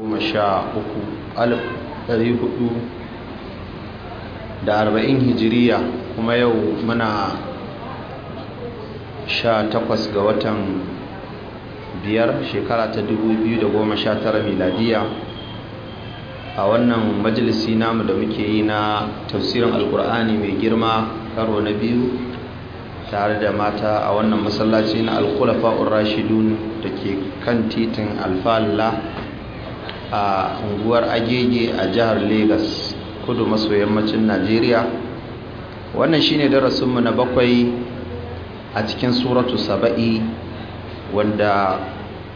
goma da arba'in hijiriya kuma yau muna sha takwas ga watan biyar shekara ta dubu biyu sha tara miladiya a wannan majalisi namu da muke yi na tafsirin alkur'ani mai girma karo na biyu tare da mata a wannan masallaci na alkulafa'ur rashidun da ke kan titin alfalla a unguwar agege a jihar lagos kudu maso yammacin najeriya wannan shine darasinmu na bakwai a cikin suratu saba'i wanda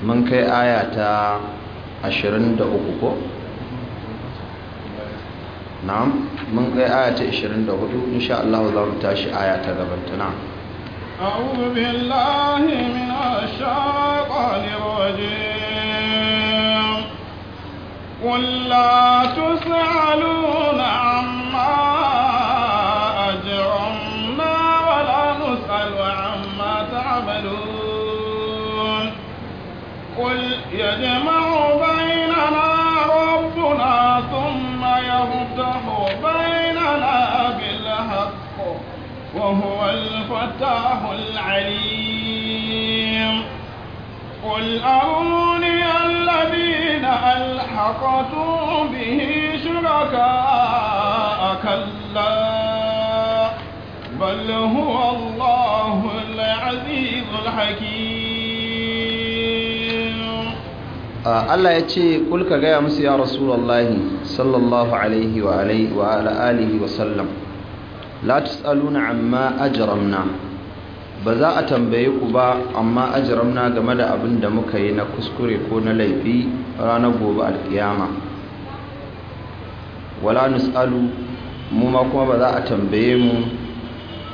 mun kai aya ta 23 ko? na'am mun kai aya ta 24 insha Allah za mu tashi aya ta gabanta na أعوذ بالله من الشيطان الرجيم قل لا تسألون عما أجرمنا ولا نسأل عما تعملون قل يجمع بيننا ربنا ثم يفتح بيننا بالحق وهو الفتاح العليم قل أروني الذين ألحقتم به شركاء كلا بل هو الله العزيز الحكيم الله يتي قل كغايا مس يا رسول الله صلى الله عليه وعليه وعلى آله وسلم لا تسألون عما أجرمنا ba za a tambaye ku ba amma ajiramna game da abin da muka yi na kuskure ko na laifi ranar gobe alkiyama wala nus'alu mu ma kuma ba za a tambaye mu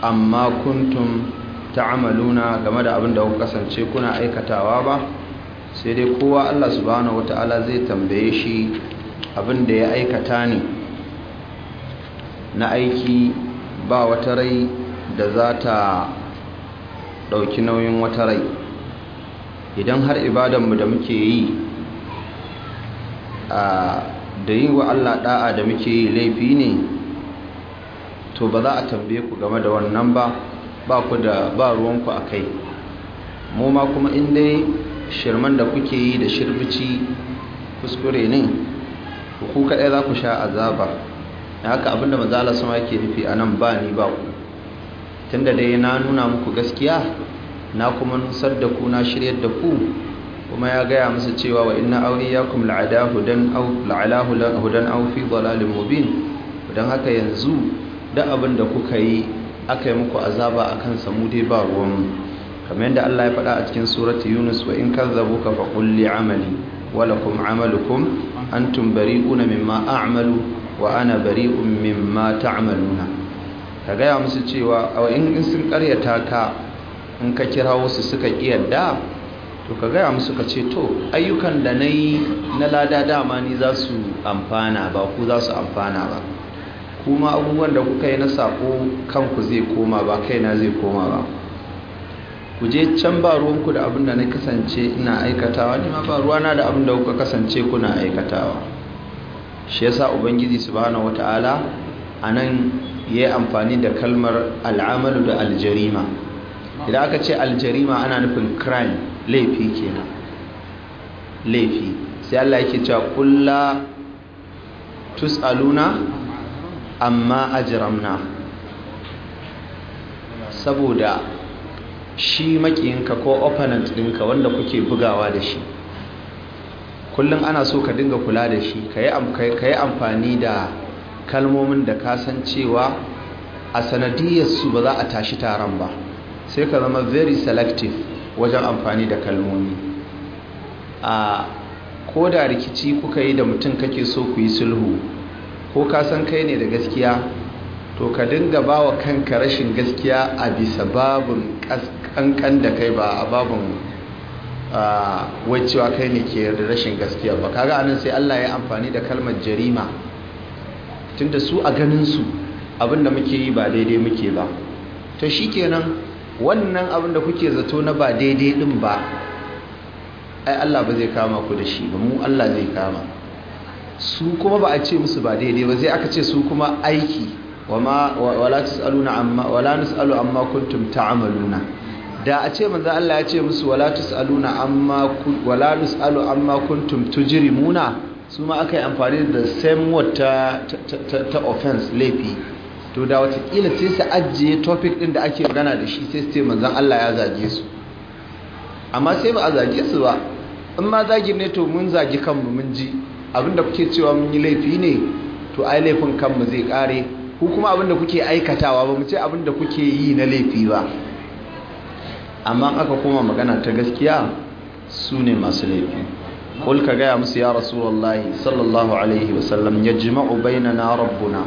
amma kuntum ta'amaluna game da abin da kuka kasance kuna aikatawa ba sai dai kowa Allah subhanahu wata'ala zai tambaye shi abin da ya aikata ne na aiki ba wata rai da za ta ɗauki nauyin wata rai idan har ibadanmu da muke yi da yi wa Allah ɗa'a da muke yi laifi ne to ba za a tambaye ku game da wannan ba ba ku da ba ruwanku a kai mu ma kuma in dai shirman da kuke yi da shirbici kuskure ne ku kaɗai za ku sha azaba da haka abinda mazala sama yake nufi a nan ba ni ba ku tunda dai na nuna muku gaskiya na kuma nusar da ku na shiryar da ku kuma ya gaya musu cewa wa inna aure ya kuma la'ada hudan aufi zalalin mubin don haka yanzu da abin da kuka yi aka yi muku azaba akan kan samu dai ba ruwan kamar yadda Allah ya faɗa a cikin surat Yunus wa in kadzabuka fa qul li amali wa lakum amalukum antum una mimma a'malu wa ana bari un mimma Amaluna. ka gaya musu cewa in sun karyata ka in ka kira wasu suka da, to ka gaya musu ka ce to ayyukan da na yi na lada dama ni za su amfana ba ku za su amfana ba kuma abubuwan da kuka yi na sako kanku zai koma ba kaina zai koma ba ku je can ba ruwanku da abin da na kasance ina aikatawa ne ma ba ruwana da abin da kuka kasance kuna aikatawa shi yasa ubangiji subhanahu wataala nan ya yi amfani da kalmar al'amalu da aljarima idan aka ce aljarima ana nufin crime laifi kenan laifi sai Allah yake cewa kulla tus'aluna amma ajramna saboda shi makiyinka ko opponent dinka wanda kuke bugawa da shi kullum ana so ka dinga kula da shi ka yi amfani da kalmomin da ka san cewa a sanadiyarsu ba za a tashi taron ba sai ka zama very selective wajen amfani da kalmomi a ko da rikici kuka yi da mutum kake so ku yi sulhu ko ka san kai ne da gaskiya to ka dinga ba wa kanka rashin gaskiya a bisa babin kankan da kai ba a babin wacewa kai ne ke da rashin gaskiya ba kaga anan sai Allah ya amfani da kalmar jarima tunda su a ganin su abinda muke yi ba daidai muke ba to kenan wannan abinda kuke zato na ba daidai din ba ai Allah ba zai kama ku da shi ba mu Allah zai kama su kuma ba a ce musu ba daidai ba zai aka ce su kuma aiki wala amma wala nusalu amma kuntum da a ce manzo Allah ya ce musu wala tusaluna amma wala nusalu amma kuntum tujrimuna su ma aka yi amfani da same word ta, ta, offense laifi to da watakila sai su ajiye topic din da ake magana da shi sai su ce manzan Allah ya zage su amma sai ba a zage su ba in ma zagin ne to mun zagi kanmu mun ji abinda kuke cewa mun yi laifi ne to ai laifin kanmu zai kare ku kuma abinda kuke aikatawa ba mu ce abinda kuke yi na laifi ba amma aka koma magana ta gaskiya su ne masu laifi قل gaya مس ya رسول sallallahu alaihi الله عليه وسلم يجمع بيننا ربنا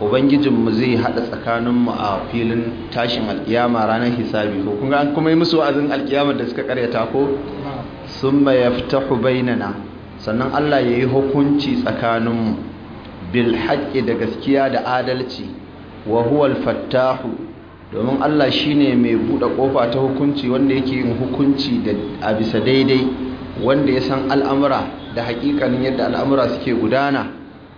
ubangijin mu zai haɗa tsakanin a filin tashin alƙiyama ranar hisabi ko an kuma yi musu wa'azin alkiyama da suka karyata ko summa yaftahu bainana sannan Allah yayi hukunci tsakanin mu bil haƙƙi da gaskiya da adalci wa huwa fattahu domin Allah shine mai buɗe ƙofa ta hukunci wanda yake yin hukunci da a bisa daidai wanda ya san al'amura da hakikanin yadda al'amura suke gudana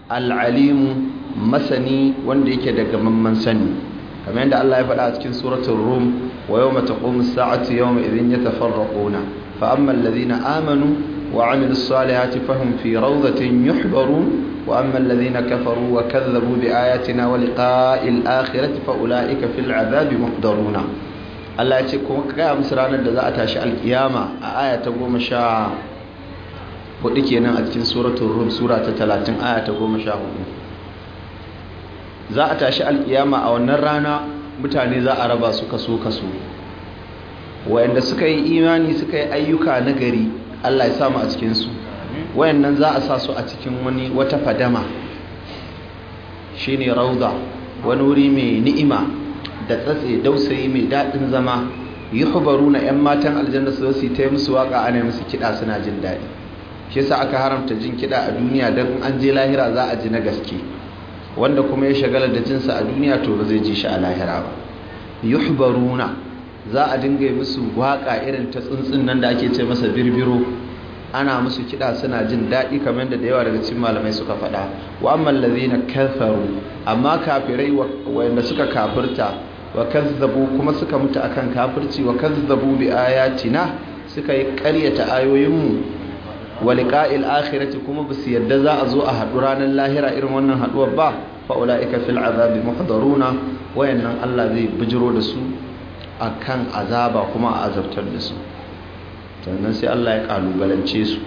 al'alimu masani wanda yake da mamman sani kamar yadda Allah ya faɗa a cikin suratun rum wa yawma taqumu as-sa'atu yawma idhin yatafarraquna fa amma alladhina amanu wa 'amilus salihati fahum fi rawdatin yuhbarun wa amma alladhina kafaru wa kazzabu bi ayatina wa liqa'il akhirati fa ulaika fil 'adhabi muhdaruna Allah ya ce kuma ka gaya musu ranar da za a tashi alkiyama a aya ta goma sha hudu kenan a cikin suratun rum sura ta talatin aya ta goma sha hudu za a tashi alkiyama a wannan rana mutane za a raba su kaso kaso wayanda suka yi imani suka yi ayyuka na gari Allah ya samu a cikinsu wayannan za a sa su a cikin wani wata fadama shine ra'uza wani wuri mai ni'ima da tsatse dausayi mai daɗin zama yi hubaru na 'yan matan aljanna su zai ta yi musu waƙa ana musu kiɗa suna jin daɗi shi yasa aka haramta jin kiɗa a duniya don an je lahira za a ji na gaske wanda kuma ya shagala da jinsa a duniya to ba zai ji shi a lahira ba na za a dinga musu waƙa irin ta tsuntsun nan da ake ce masa birbiro ana musu kiɗa suna jin daɗi kamar da yawa daga cikin malamai suka faɗa wa amma lazina kafaru amma kafirai wanda suka kafirta wa kazzabu kuma suka mutu akan kafirci wa kazzabu bi ayatina suka yi ƙaryata ayoyinmu wa liqa'il akhirati kuma basu yadda za a zo a haɗu ranar lahira irin wannan haduwar ba fa ulaika fil azabi muhdaruna wayannan Allah zai bijiro da su akan azaba kuma a azabtar da su sannan sai Allah ya kalubalance su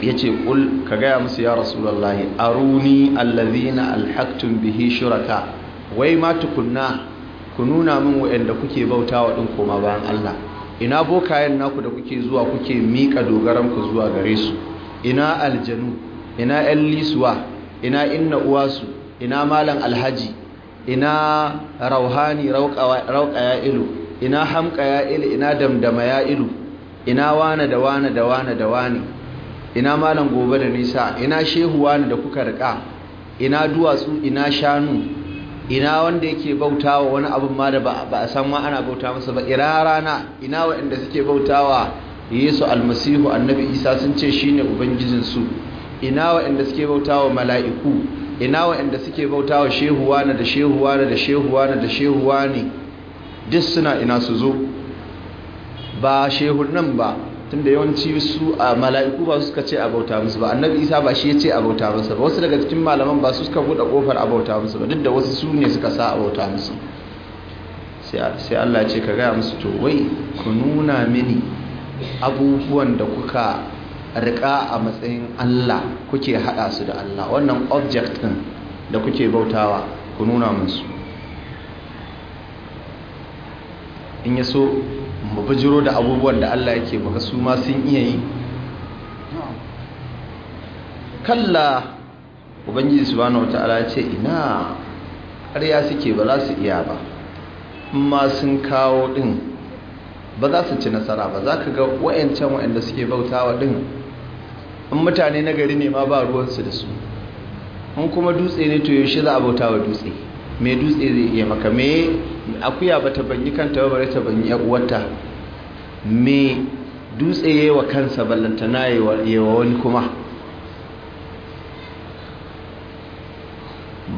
yace kul ka gaya musu ya rasulullahi aruni allazina alhaqtum bihi shuraka wai ma tukunna ku nuna min wa'anda kuke bauta wa ɗin koma bayan Allah ina bokayen naku da kuke zuwa kuke miƙa dogaran ku zuwa gare su ina aljanu ina yan lisuwa ina inna uwasu ina malam alhaji ina rauhani Rauƙa ya ilu ina Hamƙa ya ilu ina damdama ya ilu ina wane da wane da wane da wane ina malam gobe da nisa ina shehu wane da kuka riƙa? ina duwatsu ina shanu ina wanda yake bautawa wani abin ma da ba a san ma ana bauta masa ba ira rana ina waɗanda suke bautawa yesu almasihu annabi isa sun ce shine ubangijinsu ina waɗanda suke bautawa mala'iku ina waɗanda suke bautawa shehuwana da shehuwana da shehuwana da shehuwani duk suna ina su zo ba shehun nan ba tunda yawanci su a mala'iku ba su suka ce abauta musu ba annabi isa ba shi ya ce bauta musu ba wasu daga cikin malaman ba su suka buɗe ƙofar abauta musu ba duk da wasu su ne suka sa abauta musu sai allah ce ka gaya musu to wai ku nuna mini abubuwan da kuka rika a matsayin allah kuke haɗa su da allah wannan object ɗin da kuke bautawa ku nuna musu in ya so mu da abubuwan da Allah yake baka su ma sun iya yi kalla ubangiji subhanahu wataala ya ce ina Har ya suke ba za su iya ba amma sun kawo din ba za su ci nasara ba za ka ga wayancan wayanda suke bautawa din in mutane na gari ne ma ba ruwansu da su in kuma dutse ne to yaushe za a bautawa dutse mai dutse zai iya maka me akuya ba ta banyi kanta ba bare ta banyi uwarta mai dutse yayi wa kansa ballantana yayi wa wani kuma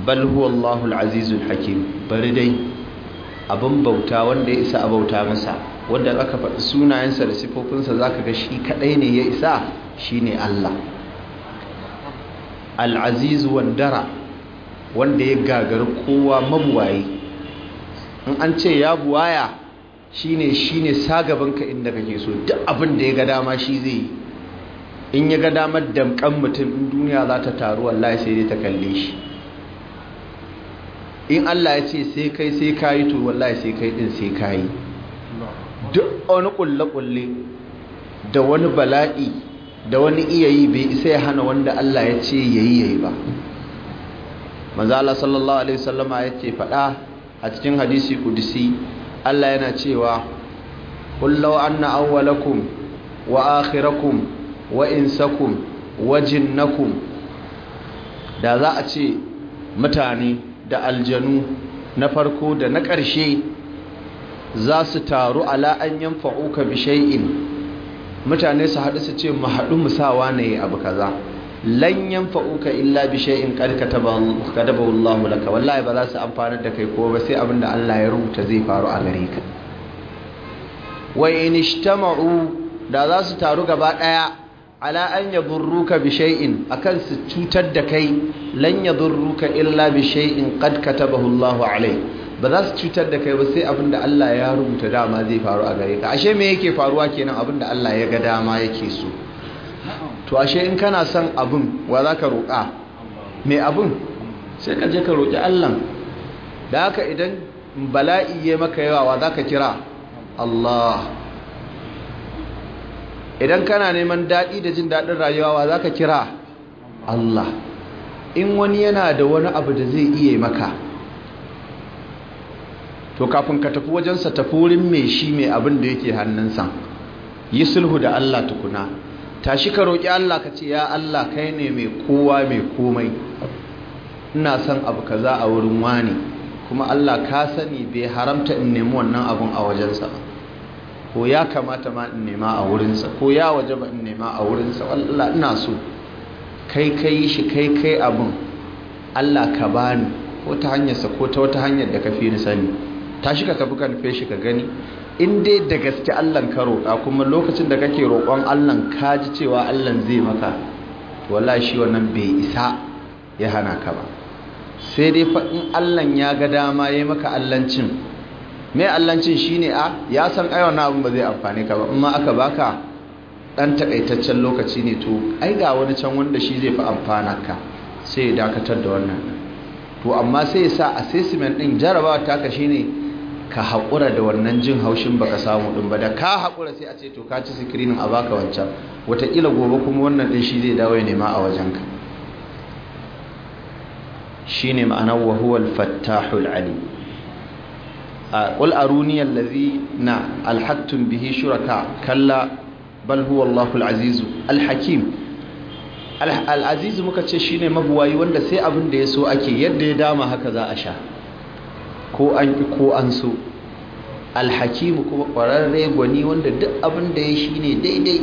bal huwa Allahu al bari dai abin bauta wanda ya isa a bauta masa wanda aka faɗi sunayensa da sifofinsa zaka ga shi kaɗai ne ya isa shine Allah Al'azizu wandara wanda ya gagari kowa mabuwayi in an ce ya buwaya shine shine sagabanka inda kake so duk abin da ya ga dama shi zai yi in ya ga damar damkan mutum in duniya za ta taru wallahi sai dai ta kalle shi in Allah ya ce sai kai sai kayi to wallahi sai kai din sai kayi duk wani kulle-kulle da wani bala'i da wani iyayi bai isa ya hana wanda Allah ya ce yayi yayi ba mazala sallallahu alaihi wasallama yake faɗa a cikin hadisi kudisi Allah yana cewa an law anna awwalakum wa akhirakum wa insakum wa jinnakum da za a ce mutane da aljanu na farko da na ƙarshe za su taru ala an yanfa'uka bi shay'in mutane su haɗu su ce mu haɗu musawa ne abu kaza lan yanfa'uka illa bi shay'in qad katabahu Allahu laka wallahi ba za su amfanar da kai ko ba sai abinda Allah ya rubuta zai faru a gare ka wa in ishtama'u da za su taru gaba daya ala an yadurruka bi shay'in akan su cutar da kai lan yadurruka illa bi shay'in qad katabahu Allahu alayk ba za su cutar da kai ba sai abinda Allah ya rubuta dama zai faru a gare ka ashe me yake faruwa kenan abinda Allah ya ga dama yake so to ashe in kana son abin wa za ka roƙa mai abin sai ka je ka roƙi allan da haka idan bala'i ya maka yawa wa za ka kira allah idan kana neman daɗi da jin daɗin rayuwa wa za ka kira allah in wani yana da wani abu da zai iya maka to kafin ka tafi wajensa tafi wurin mai shi mai abin da yake hannunsa yi sulhu da allah tukuna tashi ka roƙi Allah ka ce ya Allah kai ne mai kowa mai komai ina son abu kaza a wurin wani kuma Allah ka sani bai haramta in nemi wannan abun a wajensa ko ya kamata ma in nema a wurinsa ko ya waje ba in nema a wurinsa Allah ina so kai kai shi kai kai abun Allah ka bani ko ta hanyarsa ko ta wata hanyar da ka fi ni sani tashi ka tafi ka nufe shi ka gani in dai da gaske allan ka roƙa kuma lokacin da kake roƙon allan ka ji cewa allan zai maka wallahi shi wannan bai isa ya hana ka ba sai dai faɗin allan ya ga dama ya maka allancin mai allancin ne a ya san aiwa na abin ba zai amfani ka ba amma aka baka ɗan takaitaccen lokaci ne to ai ga wani can wanda shi zai fi amfana ka sai ya dakatar da wannan to amma sai ya sa assessment ɗin jarabawa taka ne. ka haƙura da wannan jin haushin baka samu ɗin ba da ka haƙura sai a ce to ka ci sikirin a baka wancan wataƙila gobe kuma wannan ɗin shi zai dawo ya nema a wajenka shi ne ma'anar wahuwal fattahul ali a ƙul aruniyar yallazi na alhattun bihi shuraka kalla bal huwa allahul azizu alhakim al'azizu muka ce shi ne mabuwayi wanda sai abin da ya so ake yadda ya dama haka za a sha ko an ƙi ko an so alhakimu kuma ƙwararre gwani wanda duk abin da ya shi ne daidai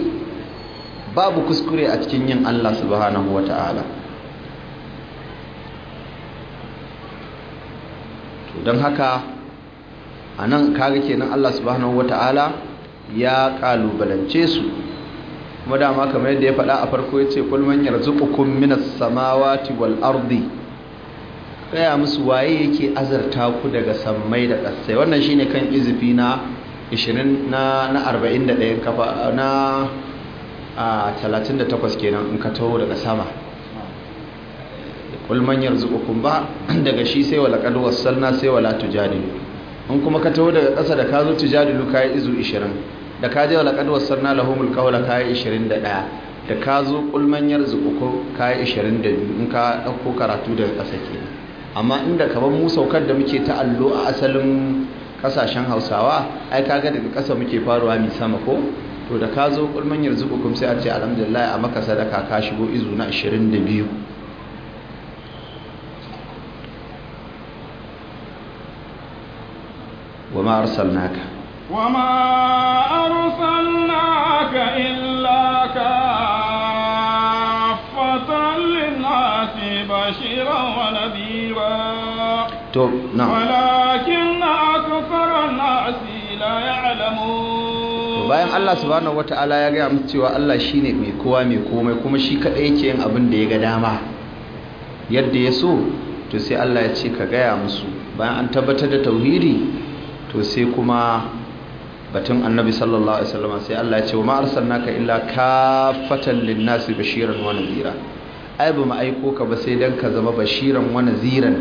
babu kuskure a cikin yin Allah subhanahu wa ta'ala to don haka a nan kaga kenan Allah subhanahu wa ta'ala ya ƙalubalance su kuma dama kamar yadda ya faɗa a farko ya ce kulman yarzuqukum minas samawati wal ardi gaya musu waye yake azarta ku daga sammai da ƙasai wannan shine kan izifi na 20 na 41 kafa na a 38 kenan in ka taho daga sama kulman yanzu yarzuqukum ba daga shi sai wa qad wassalna sai wala tujadilu in kuma ka taho daga ƙasa da ka zo tujadilu yi izu 20 da ka je wala qad wassalna lahumul ka yi 21 da ka zo kulman yarzuku ka yi 22 in ka ɗauko karatu daga ƙasa ke amma inda kamar mu saukar da muke ta allo a asalin kasashen hausawa ai kaga daga ƙasa muke faruwa mai sama ko to da ka zo kulman yanzu hukum sai a ce alhamdulillah a maka sadaka ka shigo izu na 22 wa ma arsalnaka wa to na walakin akthara nasi la ya'lamun bayan Allah subhanahu wataala ya gaya musu cewa Allah shine mai kowa mai komai kuma shi kadai yake yin abin da ya ga dama yadda ya so to sai Allah ya ce ka gaya musu bayan an tabbatar da tauhidi to sai kuma batun annabi sallallahu alaihi wasallam sai Allah ya ce wa ma arsalnaka illa kafatan linnasi bashiran wa nadhira ai ba mu aiko ka ba sai dan ka zama bashiran wa nadhiran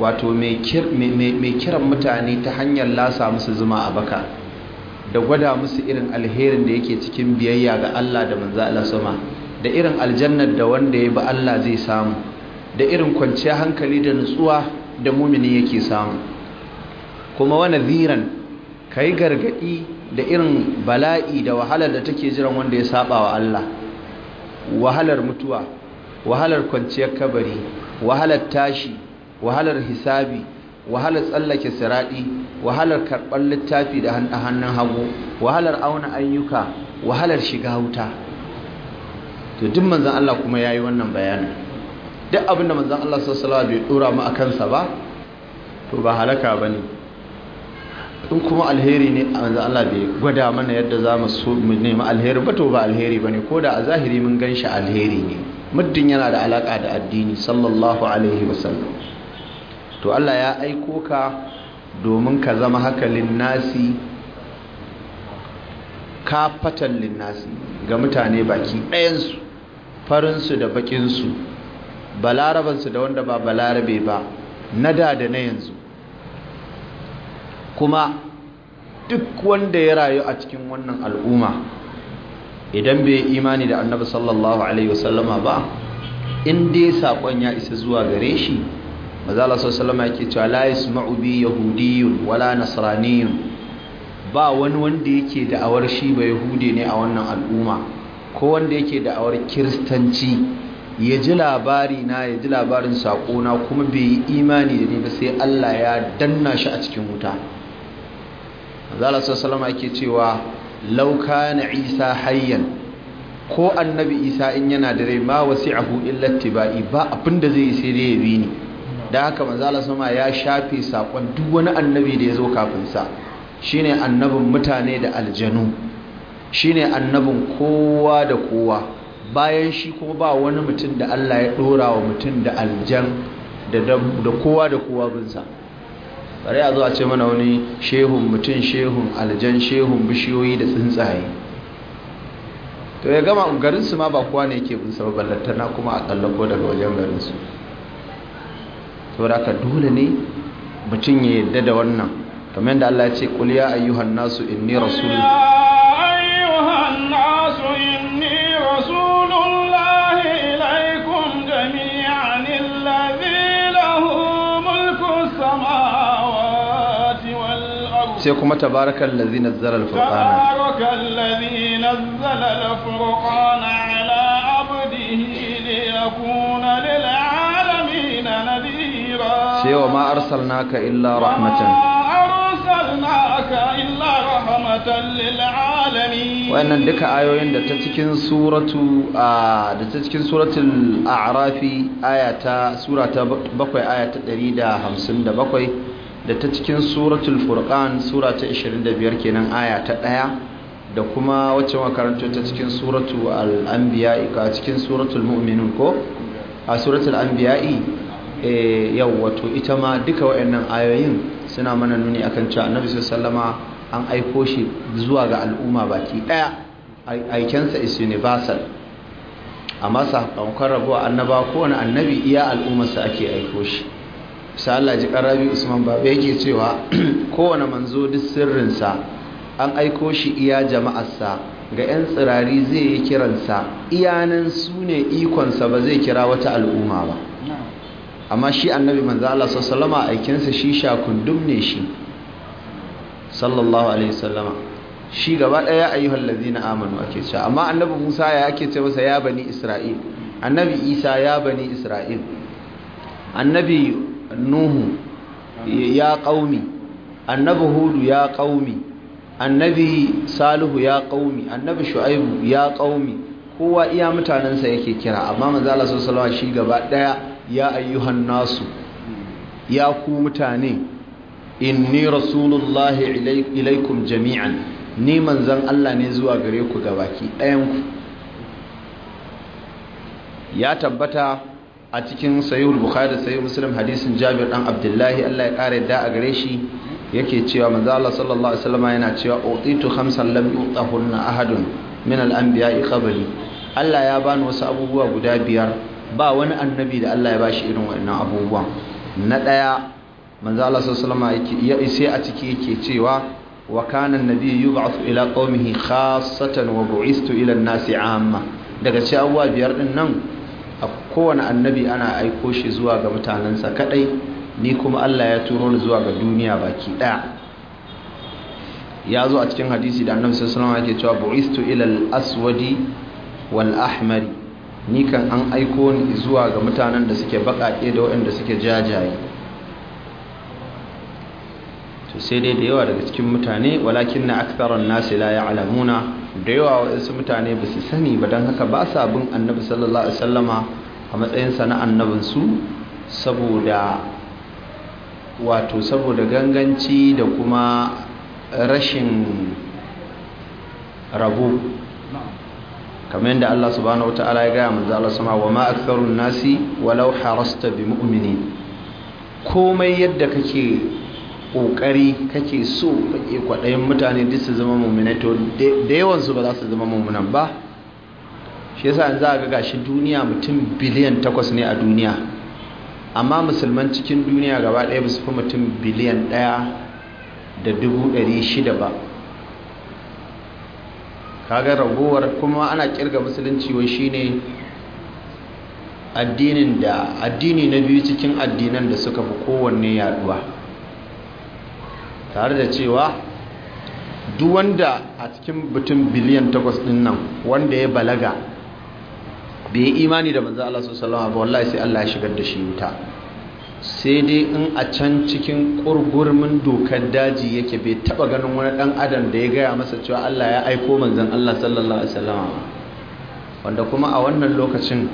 wato mai kiran mutane ta hanyar lasa musu zuma a baka da gwada musu irin alherin da yake cikin biyayya ga Allah da manza Allah sama da irin aljannar da wanda ya bi Allah zai samu da irin kwanciya hankali da nutsuwa da mumini yake samu kuma wani ziran ka yi gargadi da irin bala'i da wahalar da take jiran wanda ya saba wa Allah wahalar mutuwa wahalar kwanciyar kabari wahalar tashi wahalar hisabi wahalar tsallake siradi wahalar karɓar littafi da hannun hagu wahalar auna ayyuka wahalar shiga wuta to duk manzan Allah kuma ya yi wannan bayanin duk abinda manzan Allah sun bai dora mu a kansa ba to ba halaka ne. in kuma alheri ne a manzan Allah bai gwada mana yadda mu so mu nemi alheri ba to ba alheri bane da a zahiri mun gan shi alheri ne muddin yana da alaƙa da addini sallallahu alaihi wasallam to Allah ya aiko ka domin ka zama haka linnasi ka fatan linnasi ga mutane baki ɗayansu farinsu da bakinsu balarabansu da wanda ba balarabe ba na da da na yanzu kuma duk wanda ya rayu a cikin wannan al'umma idan bai yi imani da annabi sallallahu alaihi wasallama ba in dai saƙon ya isa zuwa gare shi maza Allah sallallahu alaihi yake cewa la yasma'u bi yahudiyyun wala nasraniyyun ba wani wanda yake da'awar shi ba yahudi ne a wannan al'umma ko wanda yake da'awar kiristanci ya ji labari na ya ji labarin sako na kuma bai yi imani da ni ba sai Allah ya danna shi a cikin wuta maza Allah sallallahu alaihi yake cewa law kana Isa hayyan ko annabi Isa in yana da rai ma wasi'ahu illa tibai ba abinda zai yi sai dai ya bi ni da haka manzala sama ya shafe sakon duk wani annabi da ya zo kafin sa shine annabin mutane da aljanu shine annabin kowa da kowa bayan shi kuma ba wani mutum da Allah ya ɗora wa mutum da aljan da kowa da kowa bin sa a zo a ce mana wani shehun mutum shehun aljan shehun bishiyoyi da tsuntsaye to ya gama garinsu ma ba kowa ne ke bin sa ba kuma a kallon daga wajen garinsu saboda haka dole ne mutum ya yadda da wannan kamar yadda Allah ya ce qul ya ayyuhan nasu inni rasul rasulullahi sai kuma tabarakal ladzi nazzala al da yawa ma naka illa rahmatan wannan duka ayoyin da ta cikin suratu da ta cikin suratul a'rafi ayata sura ta 7 ayata 157 da ta cikin suratul furqan sura ta 25 kenan ayata ɗaya? 1 da kuma wacce makarantar ta cikin suratu al-anbiya ka cikin suratul mu'minun ko a suratul anbiya'i Eh, yau wato ita ma duka wa'annan ayoyin suna mana nuni akan cewa annabi sallama an aiko shi zuwa ga al'umma baki daya aikensa is universal amma sakamakon rabuwa annaba kowane annabi iya al'ummarsa ake aiko shi sai Allah ji karabi Usman Baba yake cewa kowane manzo duk sirrinsa an aiko shi iya jama'arsa ga 'yan tsirari zai yi kiransa iyanan su ne ikonsa ba zai kira wata al'umma ba amma shi annabi manzo Allah sallama aikinsa shi kundum ne shi sallallahu alaihi sallama shi gaba daya ayyuhal ladina amanu ake cewa amma annabi Musa ya ake ce masa ya bani Isra'il annabi Isa ya bani Isra'il annabi Nuhu ya qaumi annabi Hudu ya qaumi annabi Salihu ya qaumi annabi Shu'aibu ya qaumi kowa iya mutanansa yake kira amma manzo Allah sallallahu alaihi wasallam shi gaba daya ya ayyuhan nasu ya ku mutane inni rasulullahi ilaikum jami'an ni manzan Allah ne zuwa gare ku gabaki ɗayanku ya tabbata a cikin sayul bukhari da muslim hadisin jabir dan abdullahi Allah ya kare da a gare shi yake cewa manzo Allah sallallahu alaihi wasallam yana cewa utitu khamsan lam yutahunna ahadun min al-anbiya'i qabli Allah ya bani wasu abubuwa guda biyar ba wani annabi da Allah ya bashi irin wannan abubuwan na daya manzo Allah sallallahu alaihi wasallam sai a ciki yake cewa wa kana annabi yub'athu ila qaumihi khassatan wa bu'istu ila an-nasi 'amma daga ci abuwa biyar din nan a kowane annabi ana aiko shi zuwa ga mutanansa kadai ni kuma Allah ya turo ni zuwa ga duniya baki daya ya zo a cikin hadisi da annabi sallallahu alaihi wasallam yake cewa bu'istu ila al-aswadi wal ahmari ni kan an aiko ni zuwa ga mutanen da suke baƙaƙe da waɗanda suke jajaye to sai dai da yawa daga cikin mutane walakin na aktaron nasi la ya alamuna da yawa waɗansu mutane ba su sani ba don haka ba sa bin annabi sallallahu alaihi sallama a matsayinsa na annabinsu saboda wato saboda ganganci da kuma rashin rabo kamar yadda Allah subhanahu ta'ala ya gaya manzo Allah sama wa ma aktharun nasi walau harasta bi mu'minin komai yadda kake kokari kake so kake kwadayin mutane duk su zama mu'minai to da yawan su ba za su zama mu'minan ba shi yasa za ga shi duniya mutum biliyan 8 ne a duniya amma musulman cikin duniya gaba ɗaya ba su fi mutum biliyan 1 da 600 ba kaga ragowar kuma ana kirga musulunci wai shine addinin da addini na biyu cikin addinan da suka fi kowanne yaduwa tare da cewa duk wanda a cikin mutum biliyan takwas din nan wanda ya balaga bai imani da manzo Allah sallallahu alaihi wasallam ba wallahi sai Allah ya shigar da shi wuta sai dai in a can cikin ƙurgurmin dokar daji yake bai taɓa ganin wani ɗan adam da ya gaya masa cewa Allah ya aiko manzan Allah sallallahu Alaihi wasallama wanda kuma a wannan lokacin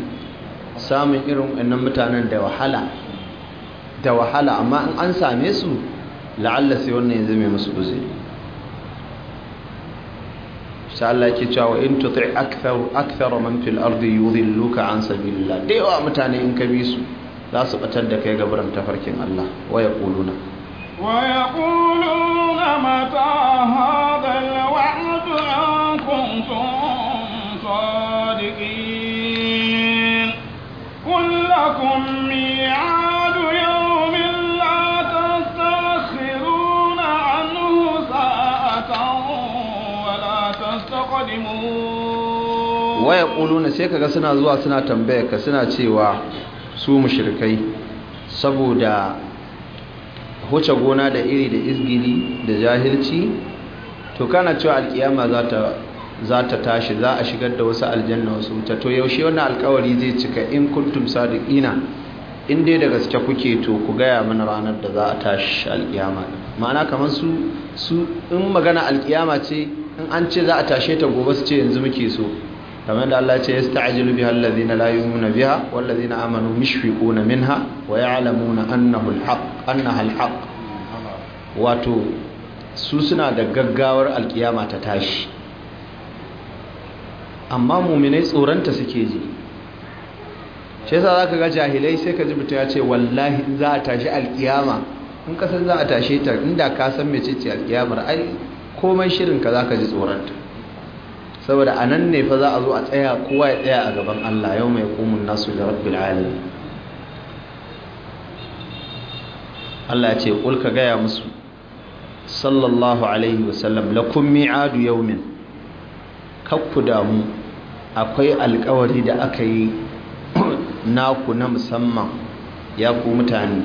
samun irin wannan mutanen da wahala da wahala amma in an same su la'alla sai wannan yanzu mai musu uzuri sai Allah yake cewa in tuti akthar akthar man fil ardi yudhilluka an sabilillah dai wa mutane in ka bi su za su batar da kai gaburan tafarkin Allah waya kuluna waya kuluna mata hadal wa'adu an kuntum sadiqin kullakum mi'adu yawmin la tastakhiruna anhu sa'atan wa la tastaqdimun waya kuluna sai kaga suna zuwa suna tambaya ka suna cewa su mushrikai saboda huce gona da iri da izgili da jahilci to kana cewa alkiyama za ta tashi za a shigar da wasu aljanna wasu wuta to yaushe wannan alkawari zai cika in kuntum sadiqina in dai da gaske kuke to ku gaya mana ranar da za a tashi alkiyama ma'ana kamar su su in magana alkiyama ce in an ce za a tashe ta gobe su ce yanzu muke so kamar da Allah ce ya sta'ajilu biha alladhina la yu'minuna biha wal ladhina amanu mushfiquna minha wa ya'lamuna annahu al-haq annaha al wato su suna da gaggawar alkiyama ta tashi amma mu'minai tsoranta suke ji shi yasa zaka ga jahilai sai ka ji mutum ya ce wallahi in za a tashi alkiyama in ka san za a tashe ta inda ka san mecece alkiyamar ai komai shirin ka zaka ji tsoranta saboda a nan ne fa za a zo a tsaya kowa ya tsaya a gaban Allah yau mai kumun nasu da rabbi alamin Allah ya ce ƙulka gaya musu sallallahu alaihi wasallam lakum mi'adu yawmin kakku damu akwai alkawari da aka yi naku na musamman ya ku mutane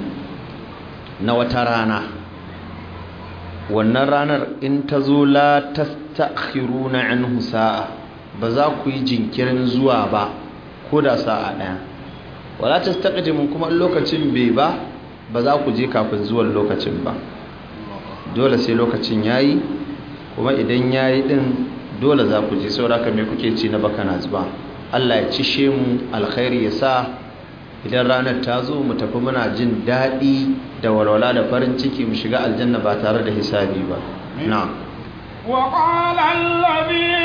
na wata rana wannan ranar in ta zo la na anhu sa'a ba za ku yi jinkirin zuwa ba ko da sa'a ɗaya, wala mun kuma lokacin bai ba ba za ku je kafin zuwan lokacin ba dole sai lokacin yayi kuma idan yayi din dole za ku je saboda me kuke ci na baka na zuba Allah ya cishe mu alkhairi ya sa idan ranar ta zo mu tafi muna jin daɗi da walwala da farin ciki mu shiga aljanna ba tare da hisabi ba na. wa qala allazi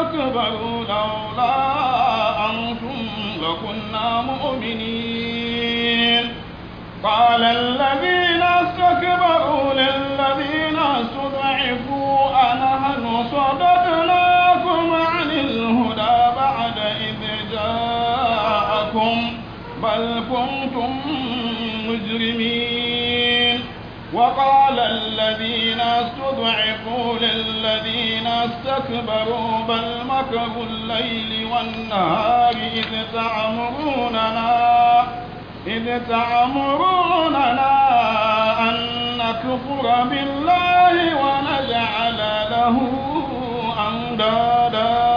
أكبر لولا أنتم لكنا مؤمنين قال الذين استكبروا للذين استضعفوا أنحن صددناكم عن الهدى بعد إذ جاءكم بل كنتم وقال الذين استضعفوا للذين استكبروا بل مكر الليل والنهار إذ تعمروننا إذ تعمروننا أن نكفر بالله ونجعل له أندادا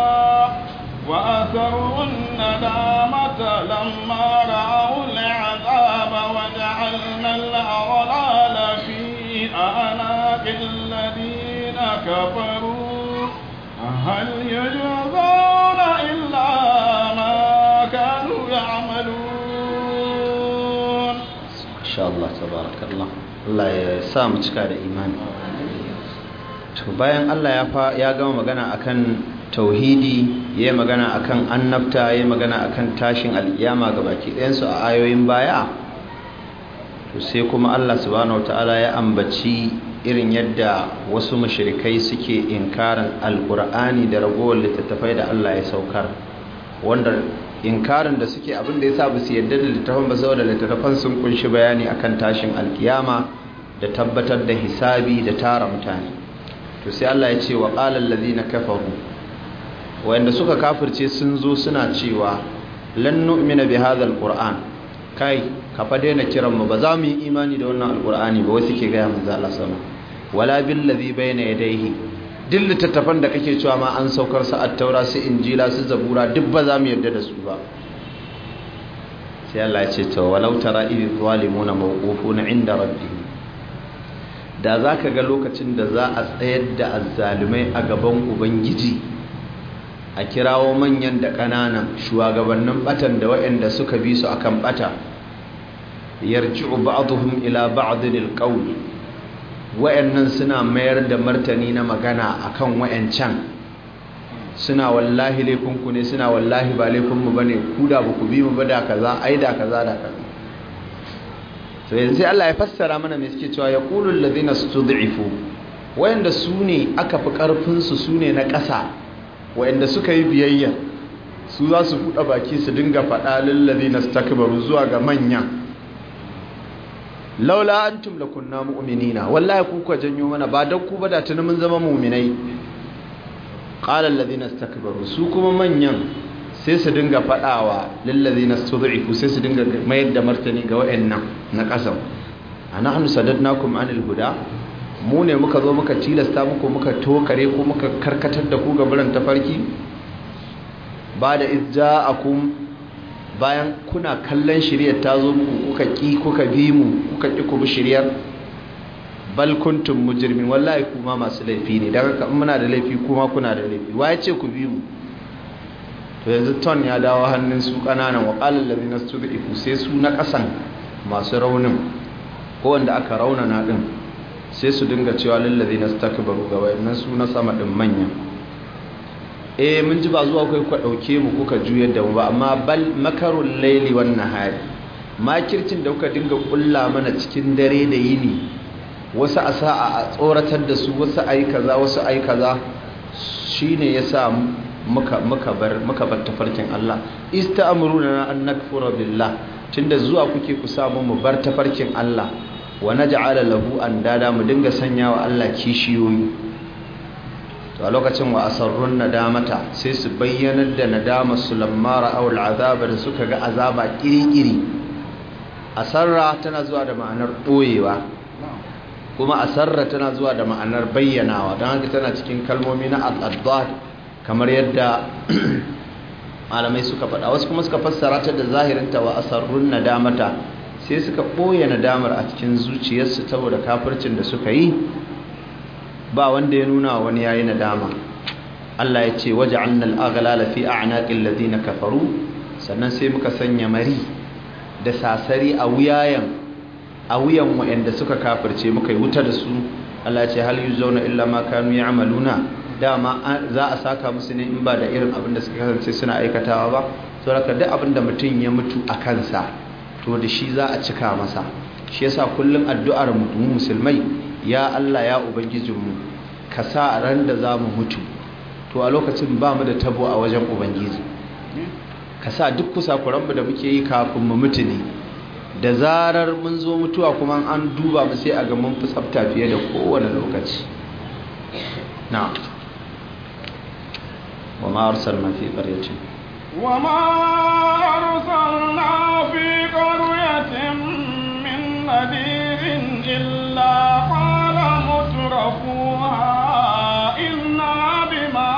وأثروا الندامة لما رأوا Allah Allah ya sa mu cika da imani to bayan Allah ya gama magana akan tauhidi ya magana akan annabta ya magana akan tashin alkiyama ga baki ɗayansu a ayoyin baya to sai kuma Allah subhanahu wataala ya ambaci irin yadda wasu mushrikai suke inkarin Alƙur'ani da ragowar littattafai da Allah ya saukar wanda inkarin da suke abin da sa ba su yarda da littafin ba saboda littafan sun kunshi bayani akan tashin alkiyama da tabbatar da hisabi da tara mutane to sai Allah ya ce wa qala allazina kafaru wanda suka kafirce sun zo suna cewa lan nu'mina bi hadha alquran kai ka fa daina kiran mu ba za mu yi imani da wannan alqurani ba wasu ke ga manzo Allah sama. wala bil ladhi bayna yadayhi duk littattafan da kake cewa ma an saukar su attaura su injila su zabura duk ba za mu yarda da su ba sai Allah ya ce to walau tara idh zalimuna mawqufuna inda rabbih da za ka ga lokacin da za a tsayar da azzalumai a gaban ubangiji a kirawo manyan da ƙananan shugabannin batan da waɗanda suka bi su akan bata yarji'u ba'dhum ila ba'dil qawl wa'annan suna mayar da martani na magana akan wa'ancan suna wallahi laifinku ne suna wallahi ba laifinmu ba ne ku da ba ku bi mu ba da kaza ai da kaza da kaza to yanzu Allah ya fassara mana me suke cewa yaqulul ladina stud'ifu wayanda su ne aka fi karfin su su ne na ƙasa wayanda suka yi biyayya su za su buɗe baki su dinga faɗa lil ladina stakbaru zuwa ga manya laula an antum kunna mu'minina wallahi ku ka janyo mana ba dan ku ba da tuni mun zama mu'minai qala alladhina istakbaru su kuma manyan sai su dinga fadawa lil ladhina istud'ifu sai su dinga mayar da martani ga wayannan na kasan anahnu sadadnakum anil huda mu ne muka zo muka tilasta muku muka tokare ku muka karkatar da ku ga buran tafarki ba da izja'akum bayan kuna kallon shirya ta zo muku kuka ki kuka bi mu kuka ki ku bi shiryar bal kuntum mujrimin wallahi kuma masu laifi ne daga kan muna da laifi kuma kuna da laifi waye ce ku bi mu to yanzu ton ya dawo hannun su kananan wa qala allazina stud'ifu sai su na kasan masu raunin ko wanda aka raunana din sai su dinga cewa lillazina ladina stakbaru ga wayannan su na sama din manyan E mun ji ba zuwa kai ku dauke mu kuka juya da mu ba amma bal makarul laili wan nahar makircin da kuka dinga kulla mana cikin dare da yini wasu a sa'a a tsoratar da su wasu ayi kaza wasu ayi kaza shine yasa muka muka bar muka bar tafarkin Allah ista'muruna an nakfura billah tunda zuwa kuke ku samu mu bar tafarkin Allah wa naj'ala lahu andada mu dinga sanyawa Allah kishiyoyi to a lokacin wa asarrun nadamata sai su bayyanar da nadama su lammara awul azaba da suka ga azaba kiri-kiri asarra tana zuwa da ma'anar ɓoyewa kuma asarra tana zuwa da ma'anar bayyanawa don haka tana cikin kalmomi na al'adda kamar yadda malamai suka faɗa wasu kuma suka fassara ta da zahirinta wa asarrun nadamata sai suka ɓoye nadamar a cikin zuciyarsu saboda kafircin da suka yi ba wanda ya nuna wani yayi nadama Allah ya ce waj'alna al-aghlala fi a'naqil ladina kafaru sannan sai muka sanya mari da sasari a wuyayen a wuyan wa'anda suka kafirce muka yi wuta da su Allah ya ce hal yuzawna illa ma kanu ya'maluna dama za a saka musu ne in ba da irin abin da suka kasance suna aikatawa ba raka duk abin da mutum ya mutu a kansa to da shi za a cika masa shi yasa kullum addu'ar mu musulmai ya Allah ya ubangijinmu ka sa ran da za mu mutu to a lokacin ba mu da tabo a wajen ubangiji ka sa duk kusa kuranmu da muke yi kafin mu mutu ne da zarar mun zo mutuwa kuma an duba mu sai a ga mun fi tsafta fiye da kowane lokaci na wa ma mafi fi qaryatin wa ma arsalna fi qaryatin نذير إلا قال مترفوها إنا بما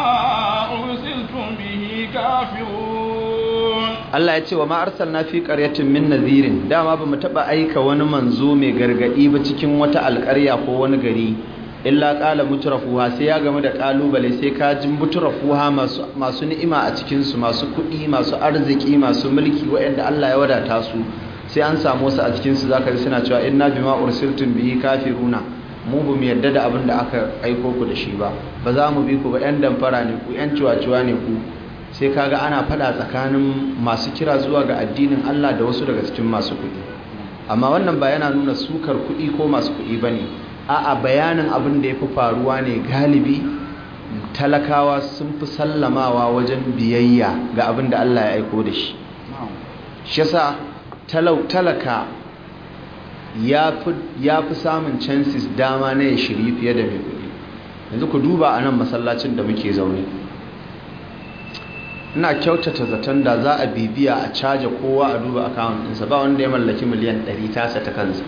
أرسلتم به كافرون الله يتي وما أرسلنا في قرية من نذير داما بمتبع أيك ونمنزو مي غرغئي بتكين وتا القرية فوان غري illa ƙala mutarafuwa sai ya game da ƙalubale sai kajin mutarafuwa masu ni'ima a cikinsu masu kuɗi masu arziki masu mulki waɗanda Allah ya wadata su sai an samu su a cikin su zaka ji suna cewa inna bima ursiltum bihi kafiruna mu bu mu yadda da abin da aka aiko ku da shi ba ba za mu bi ku ba yan damfara ne ku yan ciwaciwa ne ku sai kaga ana fada tsakanin masu kira zuwa ga addinin Allah da wasu daga cikin masu kuɗi amma wannan ba yana nuna sukar kuɗi ko masu kuɗi bane a'a bayanin abin da ya fi faruwa ne galibi talakawa sun fi sallamawa wajen biyayya ga abin da Allah ya aiko da shi shi yasa talaka ya fi samun chances dama na ya shiri fiye da mai yanzu ku duba a nan masallacin da muke zaune ina kyautata zaton da za a bibiya a caja kowa a duba akawun ɗinsa ba wanda ya mallaki miliyan 100 tasa ta kansa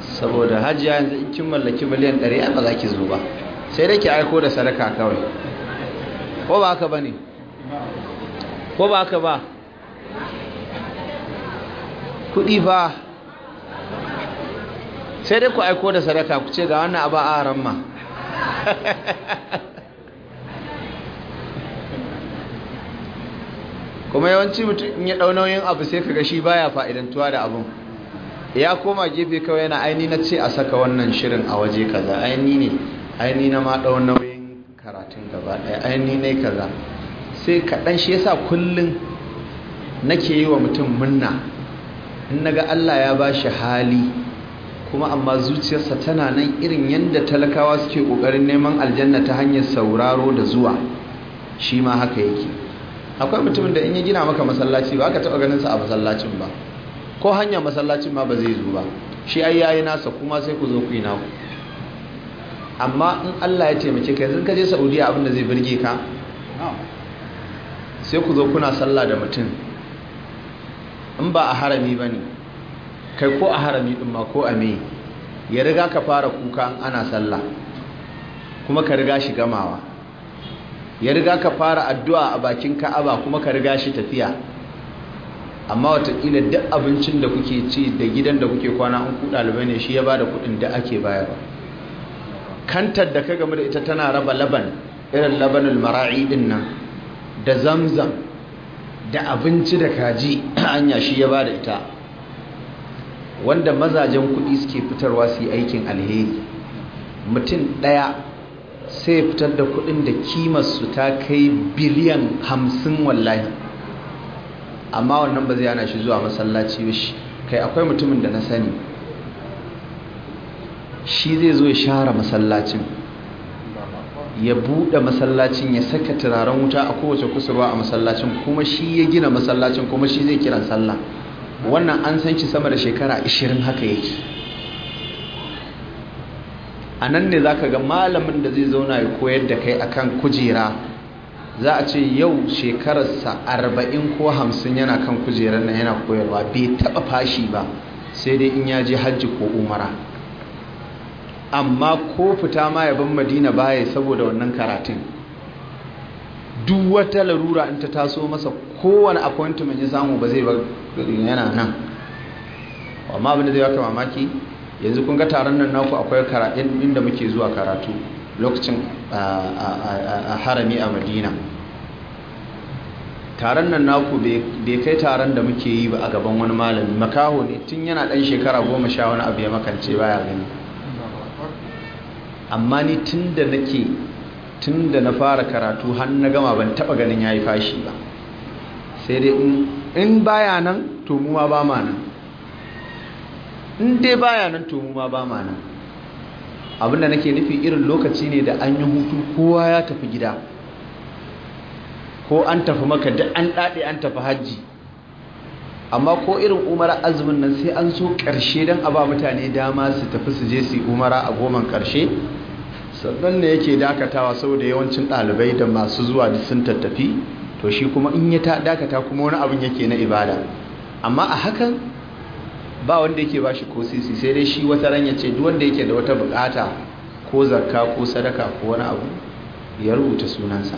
saboda hajiya yanzu in kin mallaki miliyan 100 ai ba za ki zo ba sai da ki aiko da sadaka kawai ko ba haka bane ko ba haka ba kuɗi ba sai dai ku aiko da sadaka ku ce ga wannan abu a ramma kuma yawanci mutum ya ɗau nauyin abu sai kaga shi baya fa'idantuwa da abun ya koma gefe kawai yana aini na ce a saka wannan shirin a waje kaza aini ne aini na ma ɗau nauyin karatun gaba ɗaya aini ne kaza sai kaɗan shi yasa kullum nake yi wa mutum munna in ga Allah ya ba shi hali kuma amma zuciyarsa tana nan irin yadda talakawa suke kokarin neman aljanna ta hanyar sauraro da zuwa shi ma haka yake akwai mutumin da in yi gina maka masallaci ba aka taɓa ganin sa a masallacin ba ko hanyar masallacin ma ba zai zo ba shi ai yayi nasa kuma sai ku zo ku yi naku amma in Allah ya taimake ka yanzu ka je Saudiya abin da zai burge ka sai ku zo kuna sallah da mutum in ba a harami ba ne kai ko a harami ɗin ma ko a me ya riga ka fara kuka ana sallah kuma ka riga shi gamawa ya riga ka fara addu'a a bakin ka'aba kuma ka riga shi tafiya amma watakila duk abincin da kuke ci da gidan da kuke kwana an ku ɗalibai ne shi ya ba da kuɗin da ake bayarwa kantar da ka game da ita tana raba laban irin labanin mara'i ɗin nan da zamzam da abinci da kaji hanya shi ya ba da ita wanda mazajen kuɗi suke fitarwa su yi aikin alheri mutum ɗaya sai fitar da kuɗin da su ta kai biliyan hamsin wallahi amma wannan ba zai hana shi zuwa masallaci ba shi kai akwai mutumin da na sani shi zai zo ya share masallacin ya buɗe masallacin ya saka turaren wuta a kowace kusurwa a masallacin kuma shi ya gina masallacin kuma shi zai kiran sallah wannan an san shi sama da shekara 20 haka yake a nan ne za ka ga malamin da zai zauna ya koyar da kai akan kujera za a ce yau shekararsa 40 ko 50 yana kan kujerar nan yana koyarwa bai taɓa fashi ba sai dai in ya je hajji ko umara amma ko fita ma ban madina baya saboda wannan karatun duk wata larura in ta taso masa kowane appointment ya samu ba zai ba yana nan amma abin da zai waka mamaki yanzu kun ga taron nan naku akwai karatun inda muke zuwa karatu lokacin a harami a madina taron nan naku bai kai taron da muke yi ba a gaban wani malami makaho ne tun yana ɗan shekara goma sha wani abu ya makance baya gani amma ni tun da nake tun da na fara karatu har na gama ban taɓa ganin ya yi fashi ba sai dai in baya nan to mu ma ba ma nan in dai baya nan to mu ma ba ma nan abinda nake nufi irin lokaci ne da an yi hutu kowa ya tafi gida ko an tafi maka da an daɗe an tafi hajji amma ko irin umara azumin nan sai an so ƙarshe don a ba mutane dama su tafi su je su yi umara a goman ƙarshe sannan ne yake dakatawa saboda yawancin ɗalibai da masu zuwa da sun tattafi to shi kuma in ya dakata kuma wani abin yake na ibada amma a hakan ba wanda yake ba shi ko sisi sai dai shi wata ran ya ce duk wanda yake da wata bukata ko zakka ko sadaka ko wani abu ya rubuta sunansa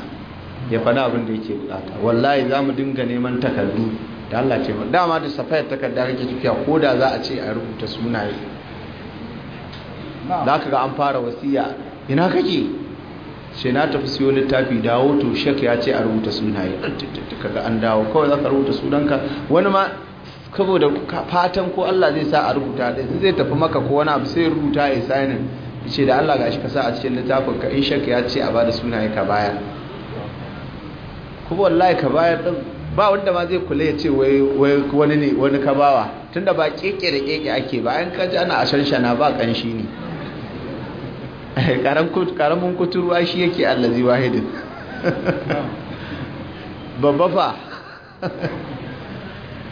ya faɗa abin da yake bukata wallahi za mu dinga neman takardu da Allah ce ba dama da safayar takarda rike tafiya ko da za a ce a rubuta sunaye za ka ga an fara wasiya ina kake ce na tafi siyo littafi dawo to shek ya ce a rubuta sunaye ka ga an dawo kawai za ka rubuta sunanka wani ma da fatan ko Allah zai sa a rubuta da zai tafi maka ko wani abu sai rubuta ya sainin ce da Allah gashi ka sa a cikin littafin ka in shek ya ce a bada sunaye ka bayar kuma wallahi ka bayar din ba wanda ma zai kula ya ce wani ne wani kabawa tunda ba keke da keke ake ba an kaji ana a shanshana ba kanshi ne karamin kuturwa shi yake allazi wahidin babba fa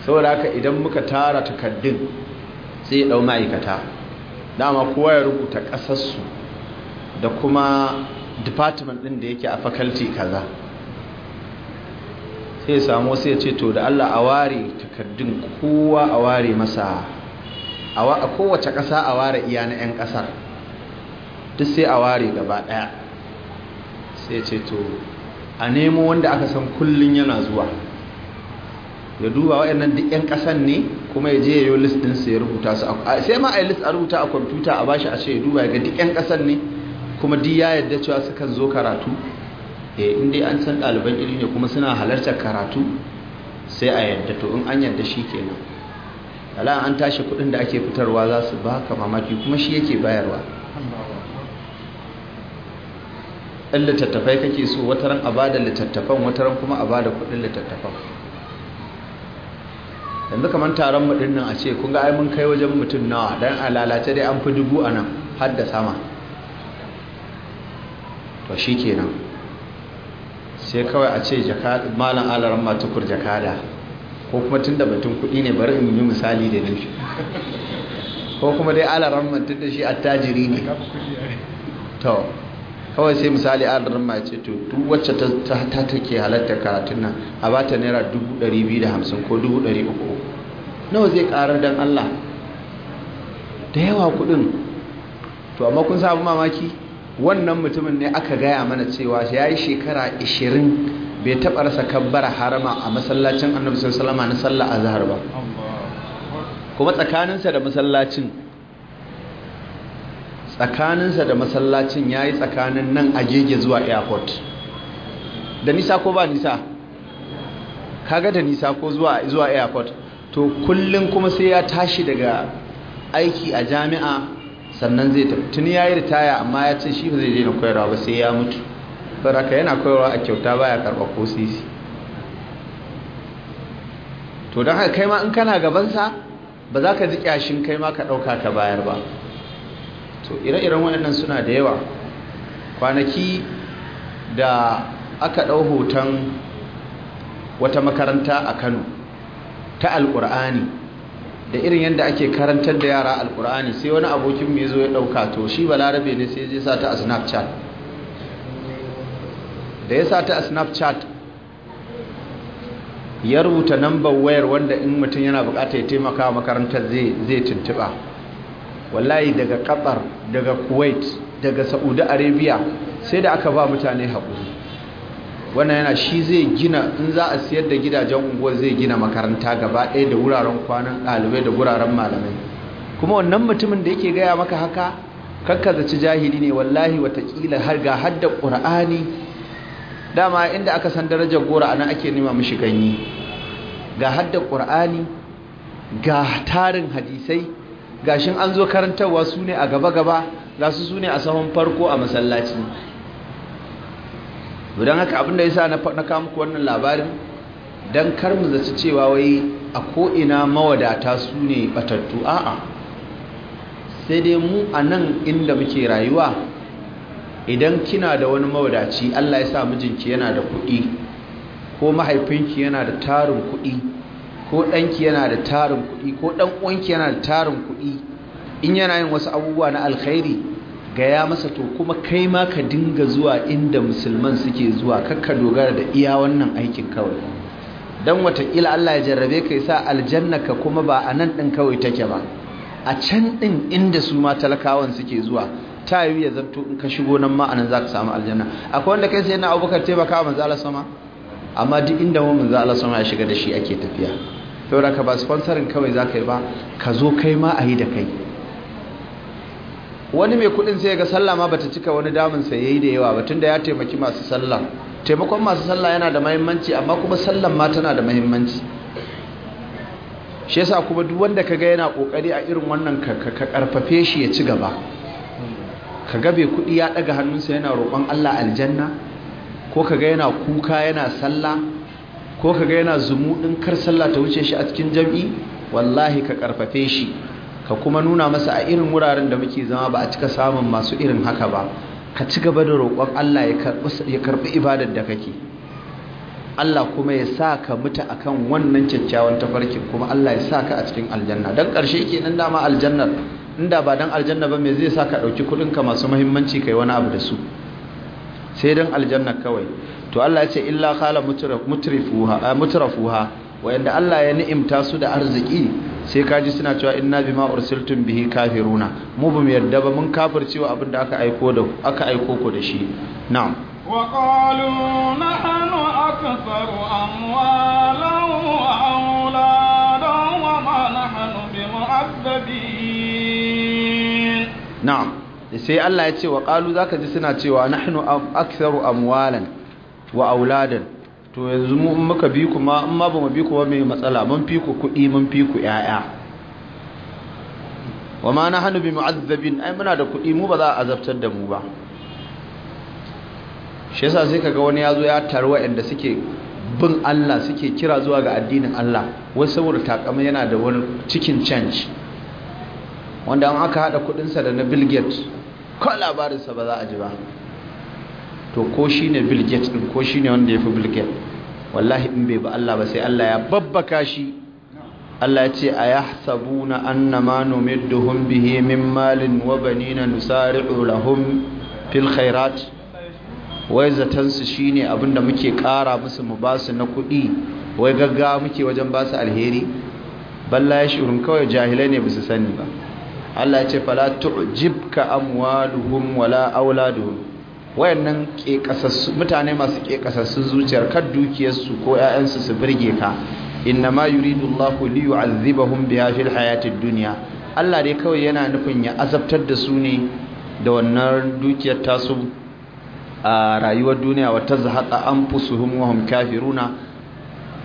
saboda haka idan muka tara takaddun sai ya dau ma'aikata dama kowa ya rubuta kasarsu da kuma department din da yake a faculty kaza sai ya samu sai ya ce to da Allah a ware takardun kowa a ware masa a kowace ƙasa a ware iya na 'yan ƙasar duk sai a ware gaba ɗaya sai ya ce to a nemo wanda aka san kullum yana zuwa ya duba waɗannan duk 'yan ƙasan ne kuma ya je ya yi list ɗinsu ya rubuta su sai ma a yi list a rubuta a kwamfuta a bashi a ce ya duba ya ga duk 'yan ƙasan ne kuma duk ya yadda cewa su kan zo karatu Eh, in dai an san ɗaliban ilimi ne kuma suna halartar karatu sai a yadda to in an yadda shi kenan ala an tashi kuɗin da ake fitarwa za su ba ka mamaki kuma shi yake bayarwa ɗan littattafai kake so wataran a bada littattafan wataran kuma a bada kuɗin littattafan yanzu kamar taron mudin nan a ce kun ga ai mun kai wajen mutum nawa don a lalace dai an fi dubu a nan har da sama to shi kenan sai kawai a ce malam alaran matukur jakada ko kuma tun da batun kuɗi ne bari in yi misali da ne ko kuma dai alaran tun da shi attajiri ne to kawai sai misali alaran ma ce to duk wacce ta take halatta karatun nan a ba ta naira 250 ko 300 nawa zai karar don allah da yawa kuɗin to amma kun samu mamaki wannan mutumin ne aka gaya mana cewa ya yi shekara 20 bai taɓa rasa kabbara harama a masallacin annabi sallama na sallah a zahar ba kuma tsakaninsa da masallacin tsakaninsa da masallacin ya yi tsakanin nan a gege zuwa airport da nisa ko ba nisa kaga da nisa ko zuwa airport to kullum kuma sai ya tashi daga aiki a jami'a sannan zai tafi tuni ya yi ritaya amma ya ce shi ba zai daina koyarwa ba sai ya mutu saraka yana koyarwa a kyauta baya karɓa ko sisi to don haka kai ma in kana gabansa ba za ka ji kyashin kai ma ka ɗauka ka bayar ba to ire-iren waɗannan suna da yawa kwanaki da aka ɗau hoton wata makaranta a kano ta alƙur'ani da irin yadda ake karantar da yara alkur'ani sai wani abokin mai zo ya ɗauka to shi balarabe ne sai zai sa a snapchat da ya sa a snapchat ya rubuta nambar wayar wanda in mutum yana bukata ya taimaka makarantar zai tuntuba wallahi daga qatar daga kuwait daga saudi arabia sai da aka ba mutane haƙuri wannan yana shi zai gina in za a siyar da gidajen unguwar zai gina makaranta gaba ɗaya da wuraren kwanan ɗalibai da wuraren malamai kuma wannan mutumin da yake gaya maka haka zaci jahili ne wallahi watakila har ga hadda ƙur'ani dama inda aka san darajar gora a nan ake nema mishi ganyi ga hadda ƙur'ani ga tarin hadisai gashin an zo karantarwa su ne a gaba-gaba za su su ne a sahun farko a masallaci to don haka abinda ya sa na faɗa muku wannan labarin don kar mu zaci cewa wai a ko'ina mawadata su ne batattu a'a sai dai mu a nan inda muke rayuwa idan kina da wani mawadaci allah ya sa mijinki yana da kuɗi ko mahaifinki yana da tarin kuɗi ko ɗanki yana da tarin kuɗi ko ɗan uwanki yana da tarin kuɗi in yana yin wasu abubuwa na alkhairi gaya masa to kuma kai ma ka dinga zuwa inda musulman suke zuwa kakka dogara da iya wannan aikin kawai don watakila Allah ya jarrabe ka sa aljanna ka kuma ba a nan ɗin kawai take ba a can ɗin inda su ma talakawan suke zuwa ta yi ya zarto in ka shigo nan ma za ka samu aljanna akwai wanda kai sai na abubakar taimaka wa manzo Allah sama amma duk inda mu manzo Allah sama ya shiga da shi ake tafiya saboda ka ba sponsorin kawai za ka yi ba ka zo kai ma a da kai wani mai kudin sai ga sallah ma bata cika wani damun sai yayi da yawa ba tunda ya taimaki masu sallah taimakon masu sallah yana da muhimmanci amma kuma sallan ma tana da muhimmanci shi yasa kuma duk wanda kaga yana kokari a irin wannan ka karfafe shi ya ci gaba kaga bai kudi ya daga hannunsa yana roƙon Allah aljanna ko kaga yana kuka yana sallah ko kaga yana zumudin kar sallah ta wuce shi a cikin jam'i wallahi ka karfafe shi ka kuma nuna masa a irin wuraren da muke zama ba a cika samun masu irin haka ba ka ci gaba da roƙon Allah ya karɓi ibadar da kake Allah kuma ya sa ka mutu akan wannan kyakkyawan tafarkin kuma Allah ya sa ka a cikin aljanna don ƙarshe ke nan dama aljannar inda ba don aljanna ba mai zai sa ka ɗauki kuɗinka masu mahimmanci kai wani abu da su sai don aljanna kawai to Allah ya ce illa kala eh, mutrafuha wayanda Allah ya ni'imta su da arziki sai kaji suna cewa inna bima ursiltum bihi kafiruna mu bamu yarda ba mun kafircewa abin da aka aiko da aka aiko ku da shi na'am wa qalu nahnu aktharu amwalan wa auladan wa ma nahnu bimu'azzabin na'am sai Allah ya ce wa qalu zaka ji suna cewa nahnu aktharu amwalan wa auladan to yanzu mu in muka bi ku ma in ma ba mu bi ku ba mai matsala mun fi ku kuɗi mun fi ku ƴaƴa wa ma hanu bi mu'azzabin ai muna da kuɗi mu ba za a azabtar da mu ba shi yasa sai kaga wani ya zo ya tarwa inda suke bin Allah suke kira zuwa ga addinin Allah wai saboda takama yana da wani cikin change wanda an aka hada sa da na bilget. Gates ko labarinsa ba za a ji ba to ko shi ne bill gates ɗin ko shi ne wanda ya fi bill gates wallahi in bai ba Allah ba sai Allah ya babbaka shi Allah ya ce a ya annama numidduhum bihi min malin wa banina nusari'u lahum fil khairat wai zatansu shine abinda muke ƙara musu mu ba su na kuɗi wai gaggawa muke wajen ba su alheri balla ya shirin kawai jahilai ne basu sani ba Allah ya ce fala tu'jibka amwaluhum wala auladuhum wayannan kasassu mutane masu kasassun zuciyar kan dukiyarsu ko ƴaƴansu su burge ka inna ma yuridu Allahu li yu'adhibahum biha fil hayatid dunya Allah dai kawai yana nufin ya azabtar da su ne da wannan dukiyar tasu a rayuwar duniya wa tazhaqa anfusuhum wa hum kafiruna